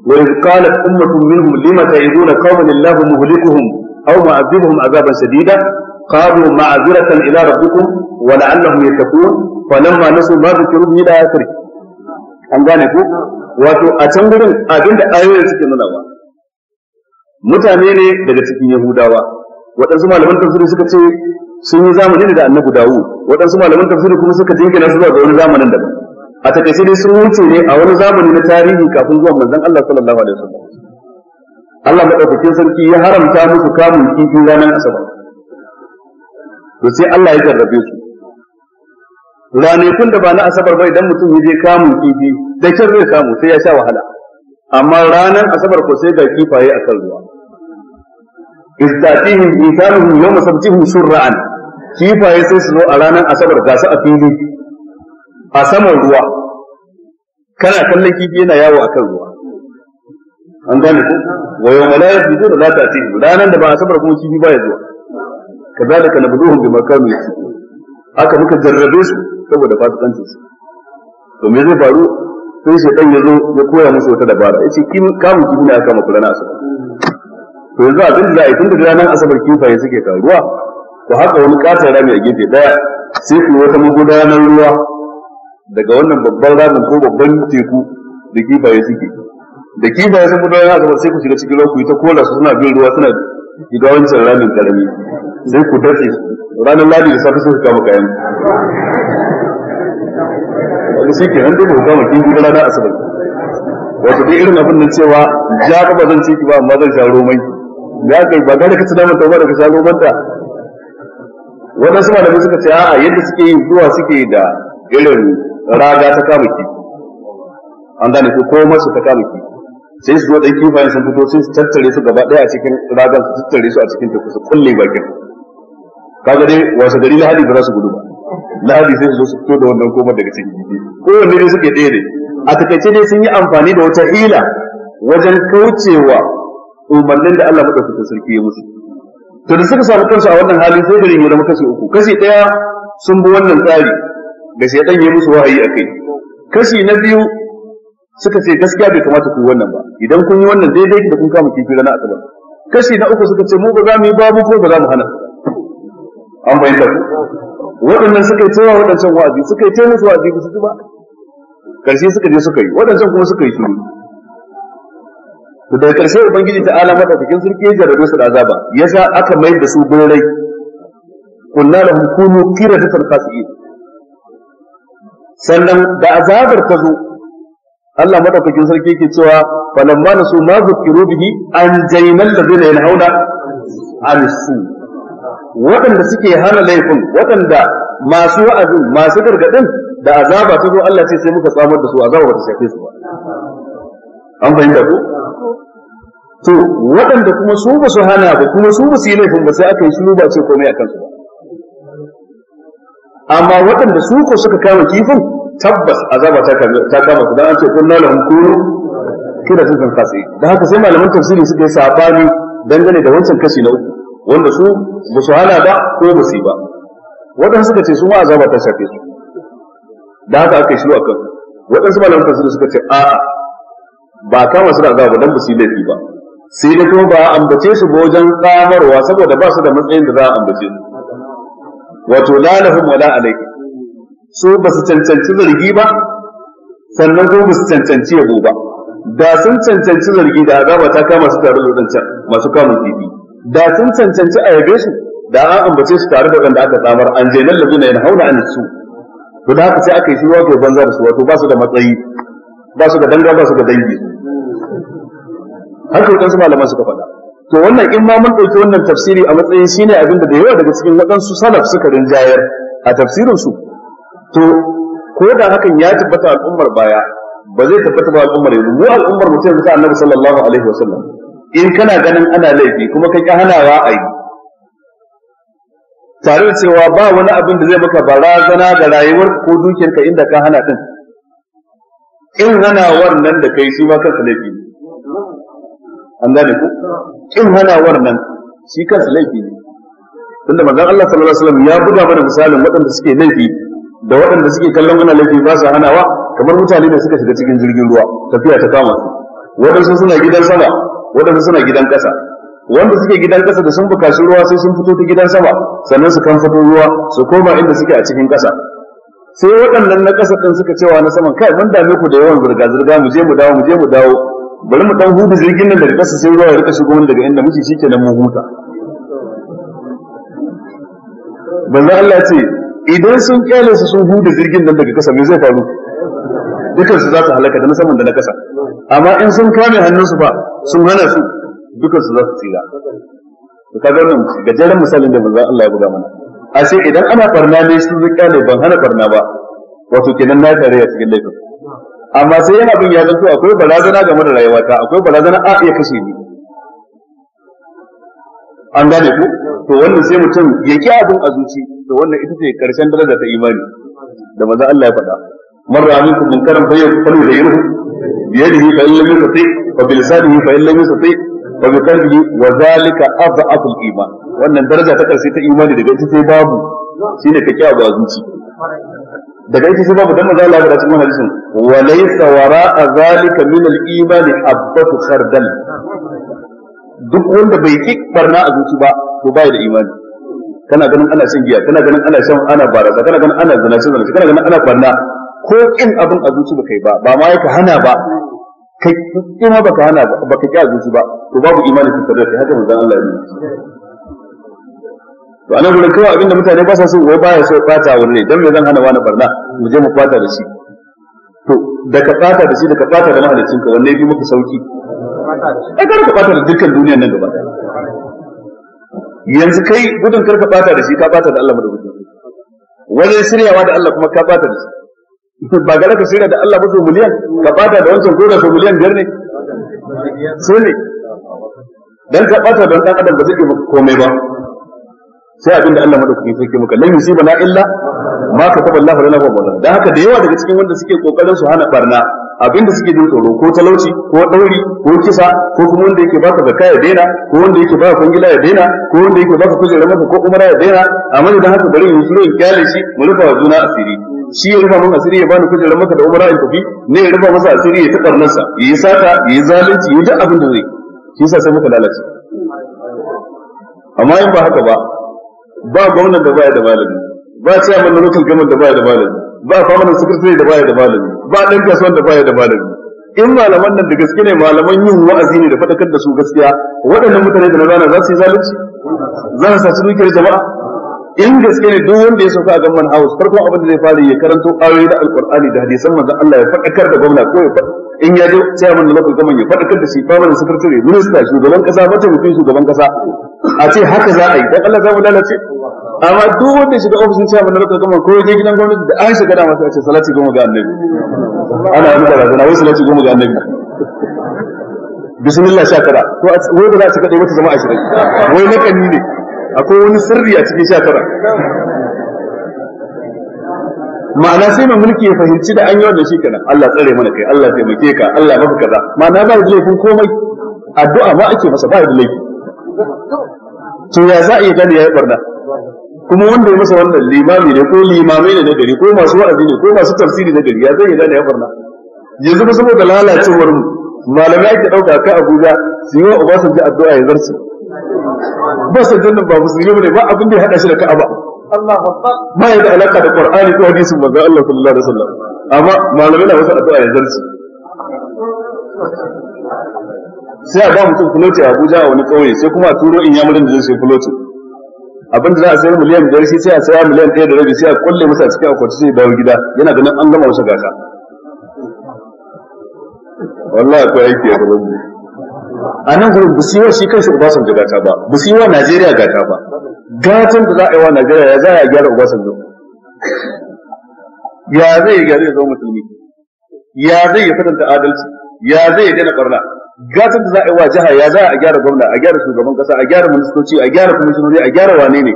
وإذ قالت أمة منهم لم تعظون قوما الله مهلكهم أو معذبهم عذابا شديدا قالوا معذرة إلى ربكم ولعلهم يتقون فلما نسوا ما ذكروا به لا آخره an gane ku? wato a can gurin abinda ayoyin suke nuna ba mutane ne daga cikin yahudawa waɗansu malaman tafsiri suka ce sun yi zamani ne da annabi dawo. waɗansu malaman tafsiri kuma suka jinkina su zuwa ga wani zamanin daban a takaice dai sun wuce ne a wani zamani na tarihi kafin zuwa manzon Allah sallallahu alaihi wasallam Allah madaukakin sarki ya haramta musu kamun kifin ranar asabar to sai Allah ya jarrabe su ranakun da ba na asabar ba idan mutum ya je kamun kifi da kin zai samu sai ya sha wahala amma ranar asabar ko sai ga kifaye a kan ruwa istatihi insanuhum yawm sabtihi sur'an kifaye sai su zo a ranar asabar ga su a fili a saman ruwa kana kallon kifi yana yawo a kan ruwa an gane ku wa yawma la yasbitu la ta'tihim Ranan da ba asabar kuma kifi ba ya zuwa kazalika nabduhum bi kanu yasbun haka muka jarrabe su saboda fasikancin su to me zai faru sai shaitan ya zo ya koya musu wata dabara yace kin kamun kifi ne aka maku ranar asabar to yanzu abin da za a yi da ranar asabar kifaye suke taruwa to haka wani katon rami a gefe daya sai ku wata magudanar ruwa daga wannan babban ramin ko babban teku da kifaye suke da kifaye sun gudanar ranar asabar sai ku shiga cikin ruwa ku yi ta kola su suna bin ruwa suna shiga wancan ramin karami sai ku dace ranar ladi da safe sai ku kama kayan kaga shi ke hannu ba kama kin gida wato dai irin abin nan cewa ja ba zan ciki ki ba amma zan sha romai ya kai ba gani ka ci naman tauba da ka sha roman ta wadansu malamai suka ce a'a yadda suke yi zuwa suke da irin raga ta kama kifi an gane ko koma su ta kama kifi sai su zo ɗan kifayen sun fito sai su tattare su gaba daya a cikin ragan su tattare su a cikin teku su kulle bakin kaga dai wasu dalilin hali ba za su gudu ba lahadi sai su zo su fito da wannan komar daga cikin ko wanne ne suke ɗaya a takaice dai sun yi amfani da wata hila wajen kaucewa umarnin da Allah madaukakin sarki ya musu to da suka samu kansu a wannan hali sai gari ya zama kashi uku kashi ɗaya sun bi wannan tsari da shaidan ya musu wahayi a kai kashi na biyu suka ce gaskiya bai kamata ku yi wannan ba idan kun yi wannan daidai da kun kama kifi na asabar kashi na uku suka ce mu ba za mu yi babu ko ba za mu hana an bayyana waɗannan suka yi tsawa waɗancan wa'azi suka yi taimusu wa'azi ba su ji ba karshe suka je suka yi waɗancan kuma suka yi shiru to daga karshe ubangiji ta ala madaukakin sarki ya jarrabe su da azaba ya sa aka mayar da su birrai kunna kira da qiradatan khasi'in sannan da azabar ta zo Allah madaukakin sarki yake cewa falamma nasu ma zukiru bihi an jaynal ladina yanhauna an su waɗanda suke hana laifin waɗanda masu wa'azi, masu gargaɗin da azaba ta zo Allah ce sai muka samar da su azaba ba ta shafe su ba an fahimta ko to waɗanda kuma su ba su hana ba kuma su ba su yi laifin ba sai aka yi shiru ba ce komai a kansu ba amma waɗanda su ko suka kama kifin tabbas azaba ta kama su dan an ce kullu lahum kunu kida sun kan fasi da haka sai malaman tafsiri suka yi sabani dangane da wancan kashi na uku wanda su ba su hana ba ko ba su yi ba waɗansu suka ce su ma azaba ta shafe su da haka aka yi shiru akan waɗansu malaman tafsir suka ce a'a ba kama su da azaba dan ba su yi laifi ba sai da kuma ba a ambace su ba wajen kamarwa saboda ba su da matsayin da za a ambace su wato la wala alai. su ba su cancanci zargi ba sannan kuma ba su cancanci yabo ba da sun cancanci zargi da azaba ta kama su tare da wadancan masu kamun kifi da sun cancanci a yabe su da an ambace su tare da wanda aka tsamar an je nan lazina yana hauna an su to da haka sai aka yi shi wato banza da su wato ba su da matsayi ba su da danga ba su da dangi haka wadansu malaman suka faɗa to wannan in ma mun ɗauki wannan tafsiri a matsayin shine abin da da yawa daga cikin waɗansu salaf suka rinjayar a tafsirin su to ko da hakan ya tabbata al'ummar baya ba zai tabbata ba al'ummar yanzu mu al'ummar mutum ta annabi sallallahu alaihi wasallam in kana ganin ana laifi kuma ka ƙi hanawa a yi tare da cewa ba wani abin da zai maka barazana da rayuwar ko dukiyarka inda ka hana din in hanawar nan da kai shi ma kansa laifi ne an gane ku in hanawar nan shi kansa laifi ne tunda manzon Allah sallallahu alaihi wasallam ya buga mana misalin waɗanda suke laifi da waɗanda suke kallon wani laifi ba su hanawa kamar mutane ne suka shiga cikin jirgin ruwa tafiya ta kama su waɗansu suna gidan sama waɗansu suna gidan ƙasa wanda suke gidan ƙasa da sun bukaci ruwa sai sun fito ta gidan sama sannan su kan fito ruwa su koma inda suke a cikin ƙasa sai waɗannan na ƙasa ɗin suka cewa na saman kai mun dame ku da yawan zirga-zirga mu je mu dawo mu je mu dawo bari mu ɗan hudu jirgin nan daga ƙasa sai ruwa ya rika shigo daga inda muke shi kenan mu huta banza Allah ce idan sun kyale su sun hudu jirgin nan daga ƙasa me zai faru dukansu za su halaka da na saman da na kasa amma in sun kame hannunsu ba sun hana su dukansu za su tsira to kaga wannan gajeren misalin da manzon Allah ya buga mana A ashe idan ana farna ne sun zuƙa ne ban hana farna ba wato kenan na tare a cikin laifin amma sai yana bin ya zanto akwai barazana game da rayuwata akwai barazana a iya kashe ni an gane ku to wannan sai mutum ya ki abin a zuci to wannan ita ce karshen daraja ta imani da maza Allah ya faɗa من رأى منكم منكرا فليغيره بيده فإن لم يستطع فبلسانه فإن لم يستطع وبقلبه وذلك أضعف الإيمان wannan daraja ta ƙarshe ta imani daga ita sai babu shine ka kyawa zuci daga ita sai babu dan maza Allah da cikin hadisin wa laysa wara'a duk wanda bai ki barna a zuci ba to bai da imani kana ganin ana shan giya kana ganin ana shan ana barasa kana ganin ana zina zina kana ganin ana barna ko in abin a zuci ba kai ba ba ma yaka hana ba kai ba baka hana ba baka ki a zuci ba to babu imani ka kai, haka zan Allah ya nuna to anan gurin kawai abinda mutane ba sa so wai baya so kwata wani ne dan me zan hana wani barna mu je mu fata da shi to da ka fata da shi da ka fata da mahaliccinka wanne bi maka sauki ai kar ka fata da dukkan duniyar nan gaba yanzu kai gudun ka bata da shi ka bata da Allah madaukakin wajen shiryawa da Allah kuma ka bata da shi ba ka shirya da Allah ba sau miliyan ka bata da wancan ko da sau miliyan biyar ne su ne dan ka bata da dan adam ba zai maka komai ba sai abin da Allah madaukaki sai ke maka lan yusiba na illa ma ka taba Allah rana wa bala dan haka da yawa daga cikin wanda suke kokarin su hana barna abin da suke jin tsoro ko talauci ko dauri ko kisa ko kuma wanda yake baka zakka ya daina ko wanda yake baka kwangila ya daina ko wanda yake baka kujera maka ko umara ya daina amma idan haka bari in shiru in kyale shi mu rufa juna asiri shi ya rufa mun asiri ya bani kujerar maka da umara in tafi ne ya rufa masa asiri ya ta karnarsa ya yi sata ya yi zalunci ya ji abin da zai shi yasa sai muka lalace amma in ba haka ba ba gwamnan da baya da malami ba chairman na local government da baya da malami ba su secretary da baya da malami ba dan kasuwan da baya da malami in malaman nan da gaske ne malaman yin wa'azi ne da fadakar da su gaskiya waɗannan mutane da na zana za su yi zalunci za su saci dukiyar jama'a in gaske ne duk wanda ya sauka a gamman house farko abin da zai fara ya karanto ayoyi da alqur'ani da hadisan manzon Allah ya faɗakar da gwamna ko ya in ya zo chairman da local government ya faɗakar da shi permanent secretary minister shugaban kasa mace mutum shugaban kasa a ce haka za a yi dan Allah za mu lalace amma duk wanda shiga ofishin chairman da local government ko je gidan gwamnati da an shiga da masa a ce salati goma ga annabi ana yi da razana wai salati goma ga annabi bismillah sha kada to wai ba za a ci kadai wata jama'a shirin wai makani ne akwai wani sirri a cikin shatara ma'ana sai mai mulki ya fahimci da an yi wannan shi Allah tsare mana kai Allah taimake ka Allah maka kaza ma'ana ba da laifin komai addu'a ma ake masa ba da laifi to ya za a iya gane ya yi barna kuma wanda ya masa wannan limami ne ko limamai ne na gari ko masu wa'azi ne ko masu tafsiri na gari ya zai gane ya barna yanzu ba saboda lalacewar mu malamai ake ɗauka ka Abuja su yi wa Obasanjo addu'a ya zarce ba san jannan ba musulmi bane ba abin da ya hada shi da ka'aba Allahu akbar ma ya da alaka da Qur'ani ko hadisin manzon Allah sallallahu alaihi wasallam amma malamai na wasu addu'a yanzu su sai a ba mutum kuloti a Abuja a wani kauye sai kuma a turo in ya yamurin da zai sai kuloti abin da za a sayar miliyan biyar shi sai a saya miliyan ɗaya da rabi sai a kulle masa cikin akwati sai dawo gida yana ganin an gama wasu gasa wallahi akwai aiki a gaban mu a nan gurin shi kan shi kanshi Obasanjo gata ba Busiwa Najeriya gata ba gatan da za a yi wa Najeriya ya za a gyara Obasanjo ya zai yi gyara ya zama musulmi ya zai yi fadanta adalci ya zai yi daina barna gatan da za a yi wa jiha ya za a gyara gwamna a gyara shugaban kasa a gyara ministoci a gyara kwamishinoni a gyara wane ne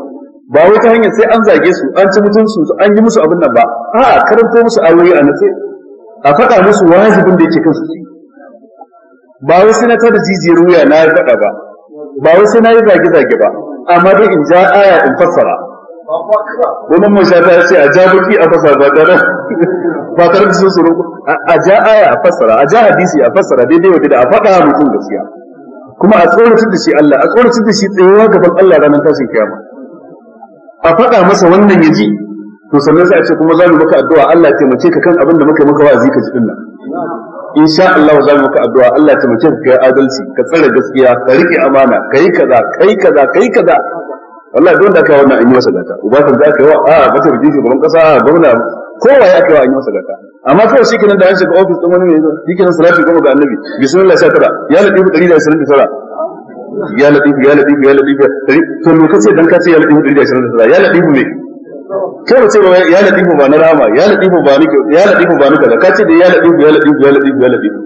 ba wai ta hanyar sai an zage su an ci mutunsu an yi musu abin nan ba a'a karanto musu ayoyi a nace a faɗa musu wajibin da yake kansu ba wai sai na tada jijiyar wuya na faɗa ba ba wai sai na yi zage zage ba amma dai in ja aya in fassara wani mai shafi ya ce a ja baki a fassara ba tare ba tare da sunsuru a ja aya a fassara a ja hadisi a fassara daidai wa da a faɗa mutum gaskiya kuma a tsoratar da shi Allah a tsoratar da shi tsayuwa gaban Allah ranar tashin kiyama a faɗa masa wannan ya ji to sannan sai a ce kuma za mu maka addu'a Allah ya taimake ka kan abin da muka maka wa'azi ka ji dinnan insha Allah za mu ka addu'a Allah ta mace ka adalci ka tsare gaskiya ka rike amana kai kaza kai kaza kai kaza wallahi don da ka wannan an yi masa gata uba kan za ka yi wa a mata da jiji gaban kasa a gwamna kowa ya kai wa an yi masa gata amma kawai shi kenan da an shiga ofis din wani ne shi kenan salati goma ga annabi bismillah sha tara ya ladifu tara. ya ladifu ya ladifu ya ladifu to me kace dan kace ya ladifu tara, ya ladifu me sai mu ce ba ya ladifu ba na rama ya ladifu ba ni ya ladifu ba ni kaza ka ce da ya ladifu ya ladifu ya ladifu ya ladifu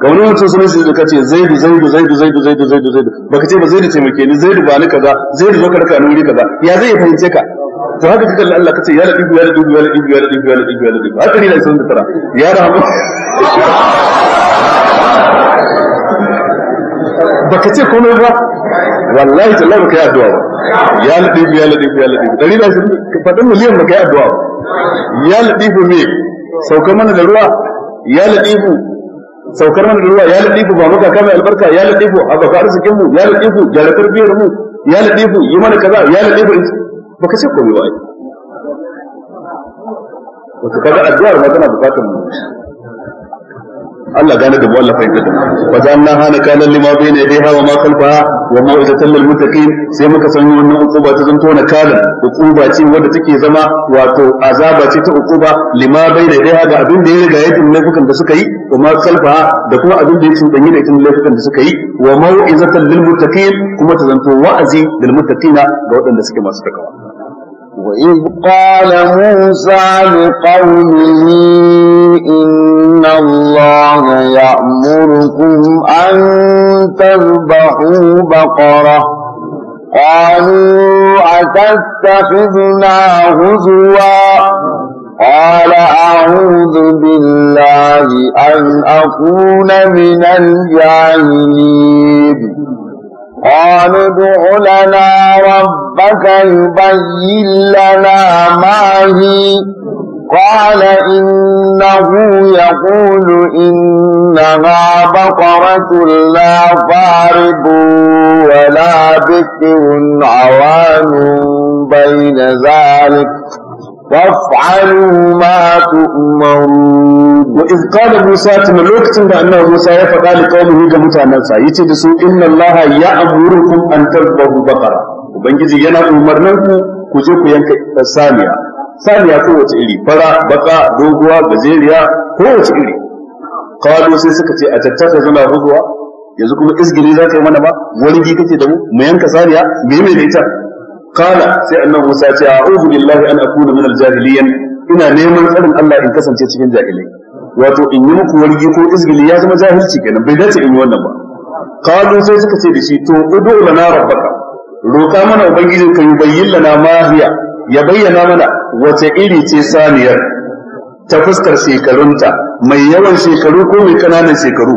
ga wani mutum sunan shi da kace zaidu zaidu zaidu zaidu zaidu zaidu zaidu baka ce ba zaidu ce muke ni zaidu ba ni kaza zaidu zo ka raka ni wuri kaza ya zai fahimce ka to haka kika Allah Allah kace ya ladifu ya ladifu ya ladifu ya ladifu ya ladifu ya ladifu haka ni da tara ya rahama baka ce komai ba wallahi tallahi baka yi addu'a ba ya ladifu ya ladifu ya ladifu dari da shi faɗin miliyan baka yi addu'a ba ya ladifu me saukar mana da ruwa ya ladifu saukar mana da ruwa ya ladifu ba muka kama albarka ya ladifu abaka arzikin mu ya ladifu jaratar biyar mu ya ladifu yi mana kaza ya ladifu baka ce komai ba ai wato kaga addu'ar ma tana bukatar mu Allah gane da mu Allah fahimta da fa zanna hana kana lima bayna yadayha wa ma khalfaha wa mau'izatan lil muttaqin sai muka san wannan ukuba ta zanto na kalan ukuba ce wadda take zama wato azaba ce ta ukuba lima bayna yadayha ga abin da ya riga ya tunne fukan da suka yi wa ma khalfaha da kuma abin da ya tunne da tunne fukan da suka yi wa mau'izatan lil muttaqin kuma ta zanto wa'azi lil muttaqina ga waɗanda suke masu takawa وإذ قال موسى لقومه إن الله يأمركم أن تذبحوا بقرة قالوا أتتخذنا هزوا قال أعوذ بالله أن أكون من الجاهلين قالوا ادع لنا ربك يبين لنا ما هي قال إنه يقول إنها بقرة لا فارض ولا بكر عوان بين ذلك فافعلوا ما تؤمرون وإذ قال موسى تملوك عند أنه موسى فقال لقومه جمتا نفسا يتدسوا إن الله يأمركم أن تذبحوا بقرة وبنجزي ينا أمرناكم كجوك ينك الثانية ثانية قوة إلي فرا بقى دوغوا بزيريا قوة إلي قالوا سيسكتي أتتخذنا هزوا yanzu kuma izgiri za ka yi mana ba wani bi kake da mu mu yanka saniya me mai da ita qala sai annabi Musa ya ce a'udhu billahi an akuna min al-jahiliyan ina neman tsarin Allah in kasance cikin jahilai wato in yi muku wargi ko izgili ya zama jahilci kenan bai dace in yi wannan ba qalu sai suka ce da shi to udu lana rabbaka roka mana ubangijin ka yi lana ma hiya ya bayyana mana wace iri ce saniyar ta fuskar shekarunta mai yawan shekaru ko mai kananan shekaru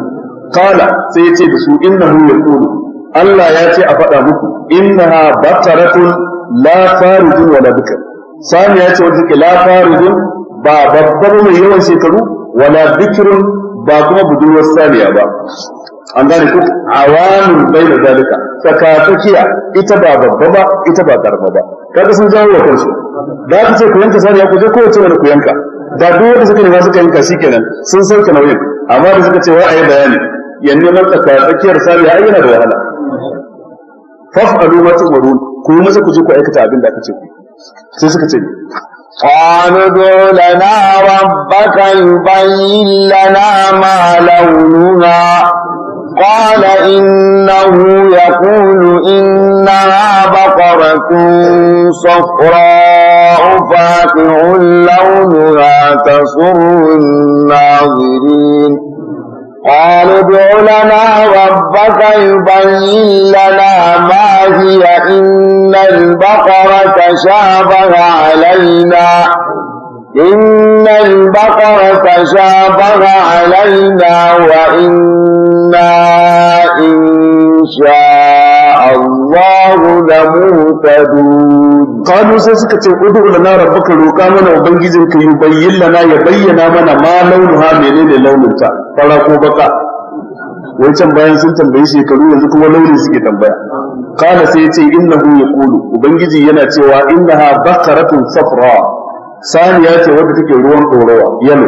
qala sai ya ce da su innahu yaqulu Allah ya ce a faɗa muku innaha bataratun la farijun wala bikr sani ya ce wanda la farijun ba babbar mai yawan shekaru wala bikrun ba kuma budurwar saniya ba an gane ku awanin bai da zalika tsakatakiya ita ba babba ba ita ba karama ba kaga sun jawo wa kansu da aka ce ku yanka saniya ku je kowace wani ku yanka da duk wanda suka nema suka yanka shikenan sun sauke nauyin amma da suka ce wa ayi bayani yanne man tsakatakiyar saniya ai yana da wahala fas'alu ma tu'marun ku yi masa ku ku aikata abin da aka ce ku sai suka ce qalu lana rabbaka bayyin ma launuha قال إنه يقول إنها بقرة صفراء فاقع لونها تسر الناظرين قالوا ادع لنا ربك يبين لنا ما هي إن البقرة شابه علينا إن البقرة شابه علينا وإنا إن شاء الله لمهتدون Kano sai suka ce ud'u lana rabbaka roƙa mana ubangijin ka yi. Bayyana lana ya bayyana mana ma launuha menene launin ta fara ko baka wancan bayan sun tambayi shekaru yanzu kuma launi suke tambaya Kano sai ya ce yace innahu yaqulu ubangiji yana cewa innaha baqaratun safra ya ce wadda take ruwan dorawa yalo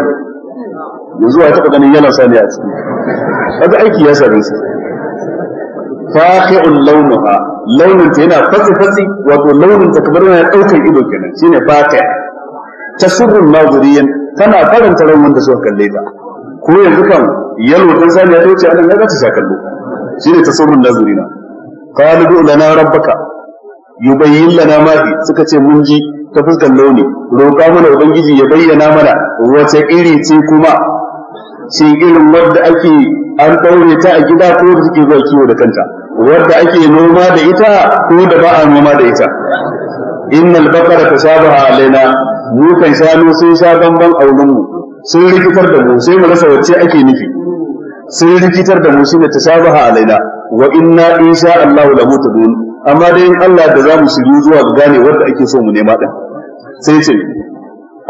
yanzu wa a taɓa ganin yana saniya ce kaga aiki ya same su faqi'un launuha launin ta yana fatsi fatsi wato launin ta kamar yana daukar ido kenan shine ta tasurrun nazariyan tana faranta ran wanda suka kalle ta ko yanzu kan yalo dan sani ya dauce anan ya ta sha kallo shine tasurrun nazirina qalu lana rabbaka yubayyin lana ma suka ce mun ji ta fuskar launi roƙa mana ubangiji ya bayyana mana wace iri ce kuma shi irin wadda ake an ɗaure ta a gida ko da suke zuwa kiwo da kanta wadda ake noma da ita ko da ba a noma da ita innal baqara tasabaha alaina mu kan shanu sun sha bamban aulun mu sun rikitar da mu sai mu rasa wacce ake nufi sun rikitar da mu ne tasabaha alaina wa inna insha Allah la mutadun amma dai in Allah da zamu shiru zuwa ga gane wanda ake so mu nema din sai ce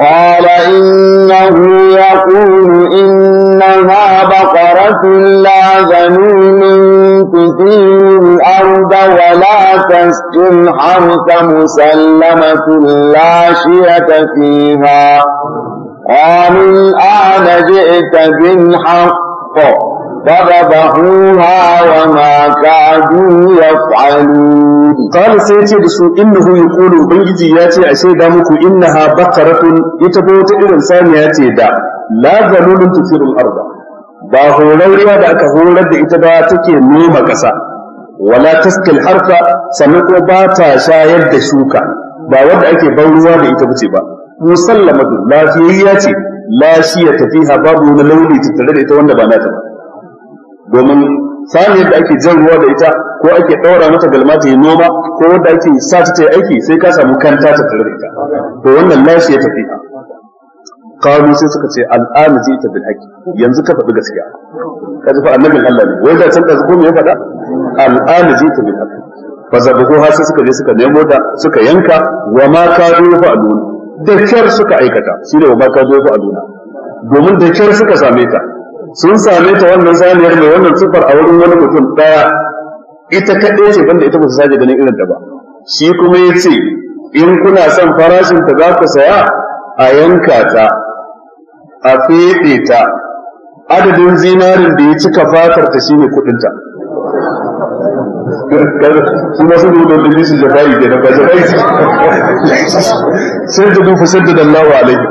قال إنه يقول إنها بقرة لا ذنون تثير الأرض ولا تسقي الحرث مسلمة لا شية فيها قالوا الآن جئت بالحق فذبحوها وما كادوا يفعلون قال سيتي دسو إنه يقول بنجي ياتي أشي دامك إنها بقرة يتبوت إلى الثانية ياتي دا لا ذلول تثير الأرض ba horarwa da aka horar da ita ba take noma ƙasa wala taskil harfa sannan kuma ba ta shayar da shuka ba wanda ake ban ruwa da ita bace ba musallamatu lafiyayya ce la shi ya tafiha babu wani launi tattare da ita wanda ba nata ba domin saniyar da ake jan ruwa da ita ko ake ɗaura mata galma ta yi noma ko wanda ake sa ta ta yi aiki sai ka samu kanta ta tare da ita to wannan lashi ya tafi kawo sai suka ce al'ana ji ta bil haƙi yanzu ka faɗi gaskiya ka ji fa annabin Allah ne wai da san da zuwa me ya faɗa al'ana ji ta bil haƙi fa zabuhu har sai suka je suka nemo ta suka yanka wa ma ka zo fa aluna da kyar suka aikata ne wa ma ka zo fa aluna domin da kyar suka same ta sun same ta wannan saniyar mai wannan sifar a wurin wani mutum daya ita kaɗai ce banda ita ba su sake ganin irin ta ba shi kuma ya ce in kuna son farashin ta za ku saya a yanka ta a feɗe ta adadin zinarin da ya cika fatar ta shine kuɗin ta su masu da ke na ba sun da alaihi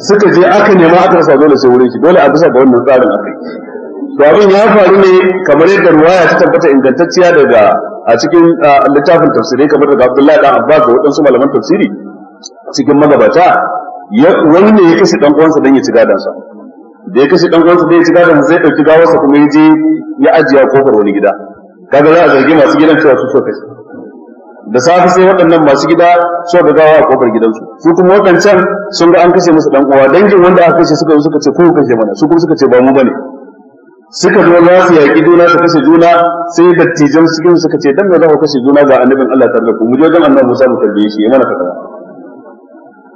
suka je aka nema aka rasa dole sai wurin shi dole a bisa ga wannan tsarin akai to abin ya faru ne kamar yadda ruwaya ta tabbata ingantacciya daga a cikin littafin tafsiri kamar daga Abdullahi dan Abbas da wadansu malaman tafsiri cikin magabata wani ne ya kashe dan uwansa dan ya ci gadansa da ya kashe dan uwansa dan ya ci gadansa zai dauki gawarsa kuma ya je ya ajiya kofar wani gida kaga za a zargi masu gidan cewa su so kashe da safe sai waɗannan masu gida su da gawa a kofar gidansu su kuma waɗancan sun ga an kashe musu dan uwa dangin wanda aka kashe suka zo suka ce ko kashe mana su kuma suka ce ba mu bane suka zo za su yaƙi juna su kashe juna sai dattijan cikin suka ce dan me za ku kashe juna ga annabin Allah tare da ku mu je wajen annabi Musa mu tarbiye shi ya mana fata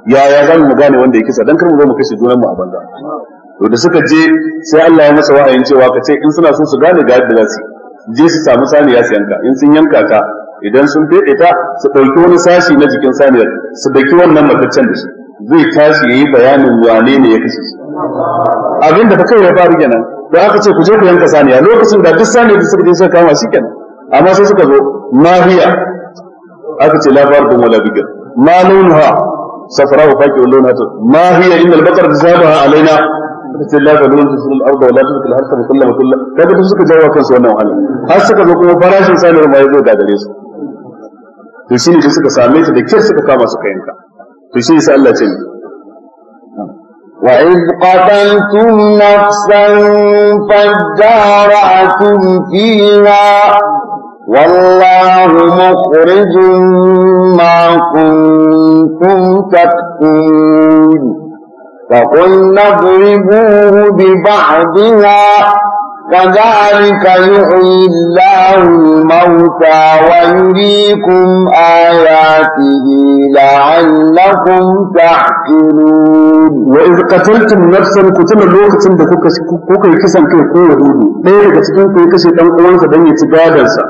yaya za mu gane wanda ya kisa dan kar mu zo mu kashe junan mu a banza to da suka je sai Allah ya masa wa'ayin cewa ka ce in suna so su gane ga yadda za su je su samu saniya su yanka in sun yanka ta idan sun fede ta su ɗauki wani sashi na jikin saniyar su daki wannan mataccen da shi zai tashi yayi bayanin wane ne ya kashe shi abin da kai ya faru kenan da aka ce ku je ku yanka saniya lokacin da duk saniyar da suka je suka kama shi kenan amma sai suka zo mahiya aka ce la farqu wala bigir ma launuha safra wa faqi wal launatu ma hiya inna al baqara tasabaha alaina ce la ta lulun tusul al arda wala tusul al kullama kullama kaga suka jawo kansu wannan wahala har suka zo kuma farashin saniyar mai ya zo gare su to shine da suka same shi da kyar suka kama suka yanka to shi yasa Allah ce wa in qatantum nafsan fajjara'atum fiha والله مخرج ما كنتم تكتمون فقلنا اضربوه ببعضها كذلك يحيي الله الموتى ويريكم آياته لعلكم تحكمون وإذ قتلتم نفسا قتل الوقت عند كوكا يكسن كي يكون يهودي ليه dan كي dan كي يكون سبين يتقادنسا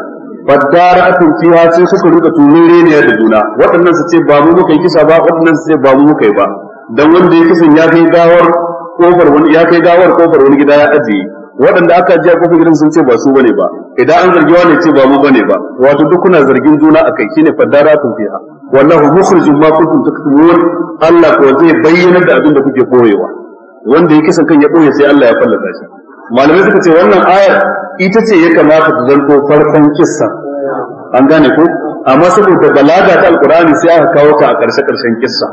faddar akan fiha suka rika tunure da juna waɗannan su ce ba mu muka yi kisa ba waɗannan su ce ba mu muka yi ba dan wanda ya kisan kai gawar ƙofar wani ya wani gida ya ajiye waɗanda aka ajiye kofar gidan sun ce ba su bane ba idan an zargi wani ce ba mu bane ba wato duk kuna zargin juna akai shine fadaratun fiha wallahu mukhrijum ma kuntum taktumun Allah ko zai bayyana da abin da kuke koyewa wanda yake san kan ya koye sai Allah ya fallasa shi malamai suka ce wannan ayar ita ce ya kamata ta zanto farkon kissa an gane ko amma saboda balaga ta alqur'ani sai aka kawo ta a karshe karshen kissa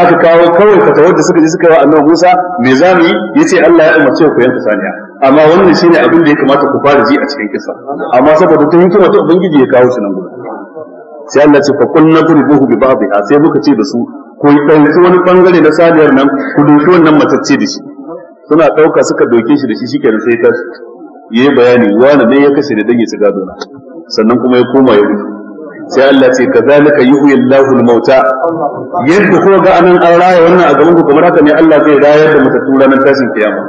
aka kawo kawai fatawar da suka je suka yi wa annabi Musa me zamu yi yace Allah ya umarce ku yanka saniya amma wannan ne abin da ya kamata ku fara ji a cikin kisa amma saboda ta hikima ta ubangiji ya kawo shi nan gudu sai Allah ce fa kunna turbuhu bi ba'dha sai muka ce da su ku dauki wani bangare na saliyar nan ku doki wannan matacce da shi suna dauka suka doke shi da shi shikenan sai ta yi bayani wani ne ya kashe da dangi su gado sannan kuma ya koma ya gudu sai Allah ce ka kazalika yuhyi Allahu al-mauta yadda kuma ga anan an raya wannan a gaban ku kamar haka ne Allah zai rayar da mutattu ranar tashin kiyama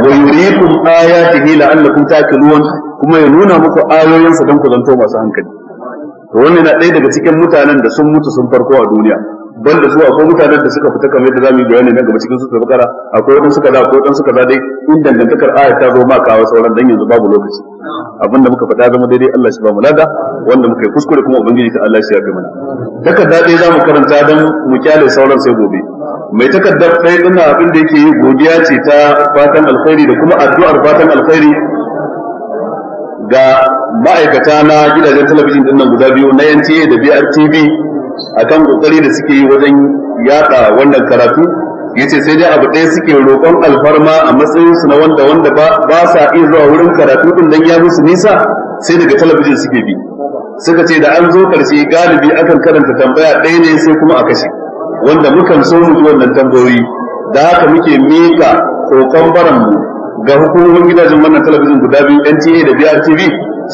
wa yuriikum ayatihi la'allakum taqilun kuma ya nuna muku ayoyinsa don ku zanto masu hankali to wannan na ɗaya daga cikin mutanen da sun mutu sun farko a duniya ban da su akwai mutanen da suka fita kamar yadda zamu yi bayani na gaba cikin su bakara akwai wadansu kaza akwai wadansu kaza dai in dangantakar ayat ta zo ma kawo sauran dan yanzu babu lokaci abinda muka faɗa zama daidai Allah shi ba mu lada wanda muka yi kuskure kuma ubangiji ta Allah shi ya kai mana takarda ɗaya za mu karanta don mu kyale sauran sai gobe mai takardar ɗaya abin da yake yi godiya ce ta fatan alkhairi da kuma addu'ar fatan alkhairi ga ma'aikata na gidajen talabijin ɗin nan guda biyu na NTA da BRTV akan kokari da suke yi wajen yada wannan karatu yace sai dai abu ɗaya suke roƙon alfarma a matsayin su na wanda wanda ba sa iya zuwa wurin karatu din dan ya musu nisa sai daga talabijin suke bi suka ce da an zo karshe galibi akan karanta tambaya ɗaya ne sai kuma a kashe wanda mukan so mu ji wannan tambayoyi da haka muke mika roƙon baran mu ga hukumomin gidajen wannan talabijin guda biyu NTA da BRTV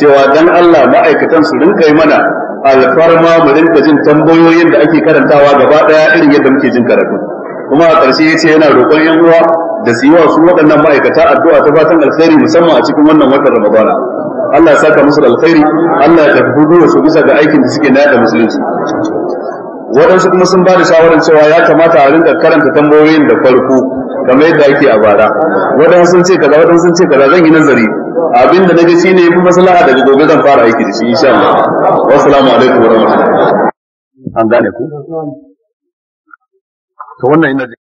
cewa dan Allah ma'aikatan su rinka yi mana alfarma mu rinka jin tambayoyin da ake karantawa gaba ɗaya irin yadda muke jin karatu kuma a ƙarshe ya ce yana roƙon yan uwa da su yi wa su waɗannan ma'aikata addu'a ta fatan alkhairi musamman a cikin wannan watan ramadana Allah ya saka musu alkhairi Allah ya tafi da su bisa ga aikin da suke na yada musulunci waɗansu kuma sun ba da shawarar cewa ya kamata a rinka karanta tambayoyin da farko kamar yadda ake a bara waɗansu sun ce kaza waɗansu sun ce kaza zan yi nazari abinda na ga shine fi maslaha daga gobe zan fara aiki da shi insha Allah wassalamu alaikum warahmatullahi an gane ku to wannan ina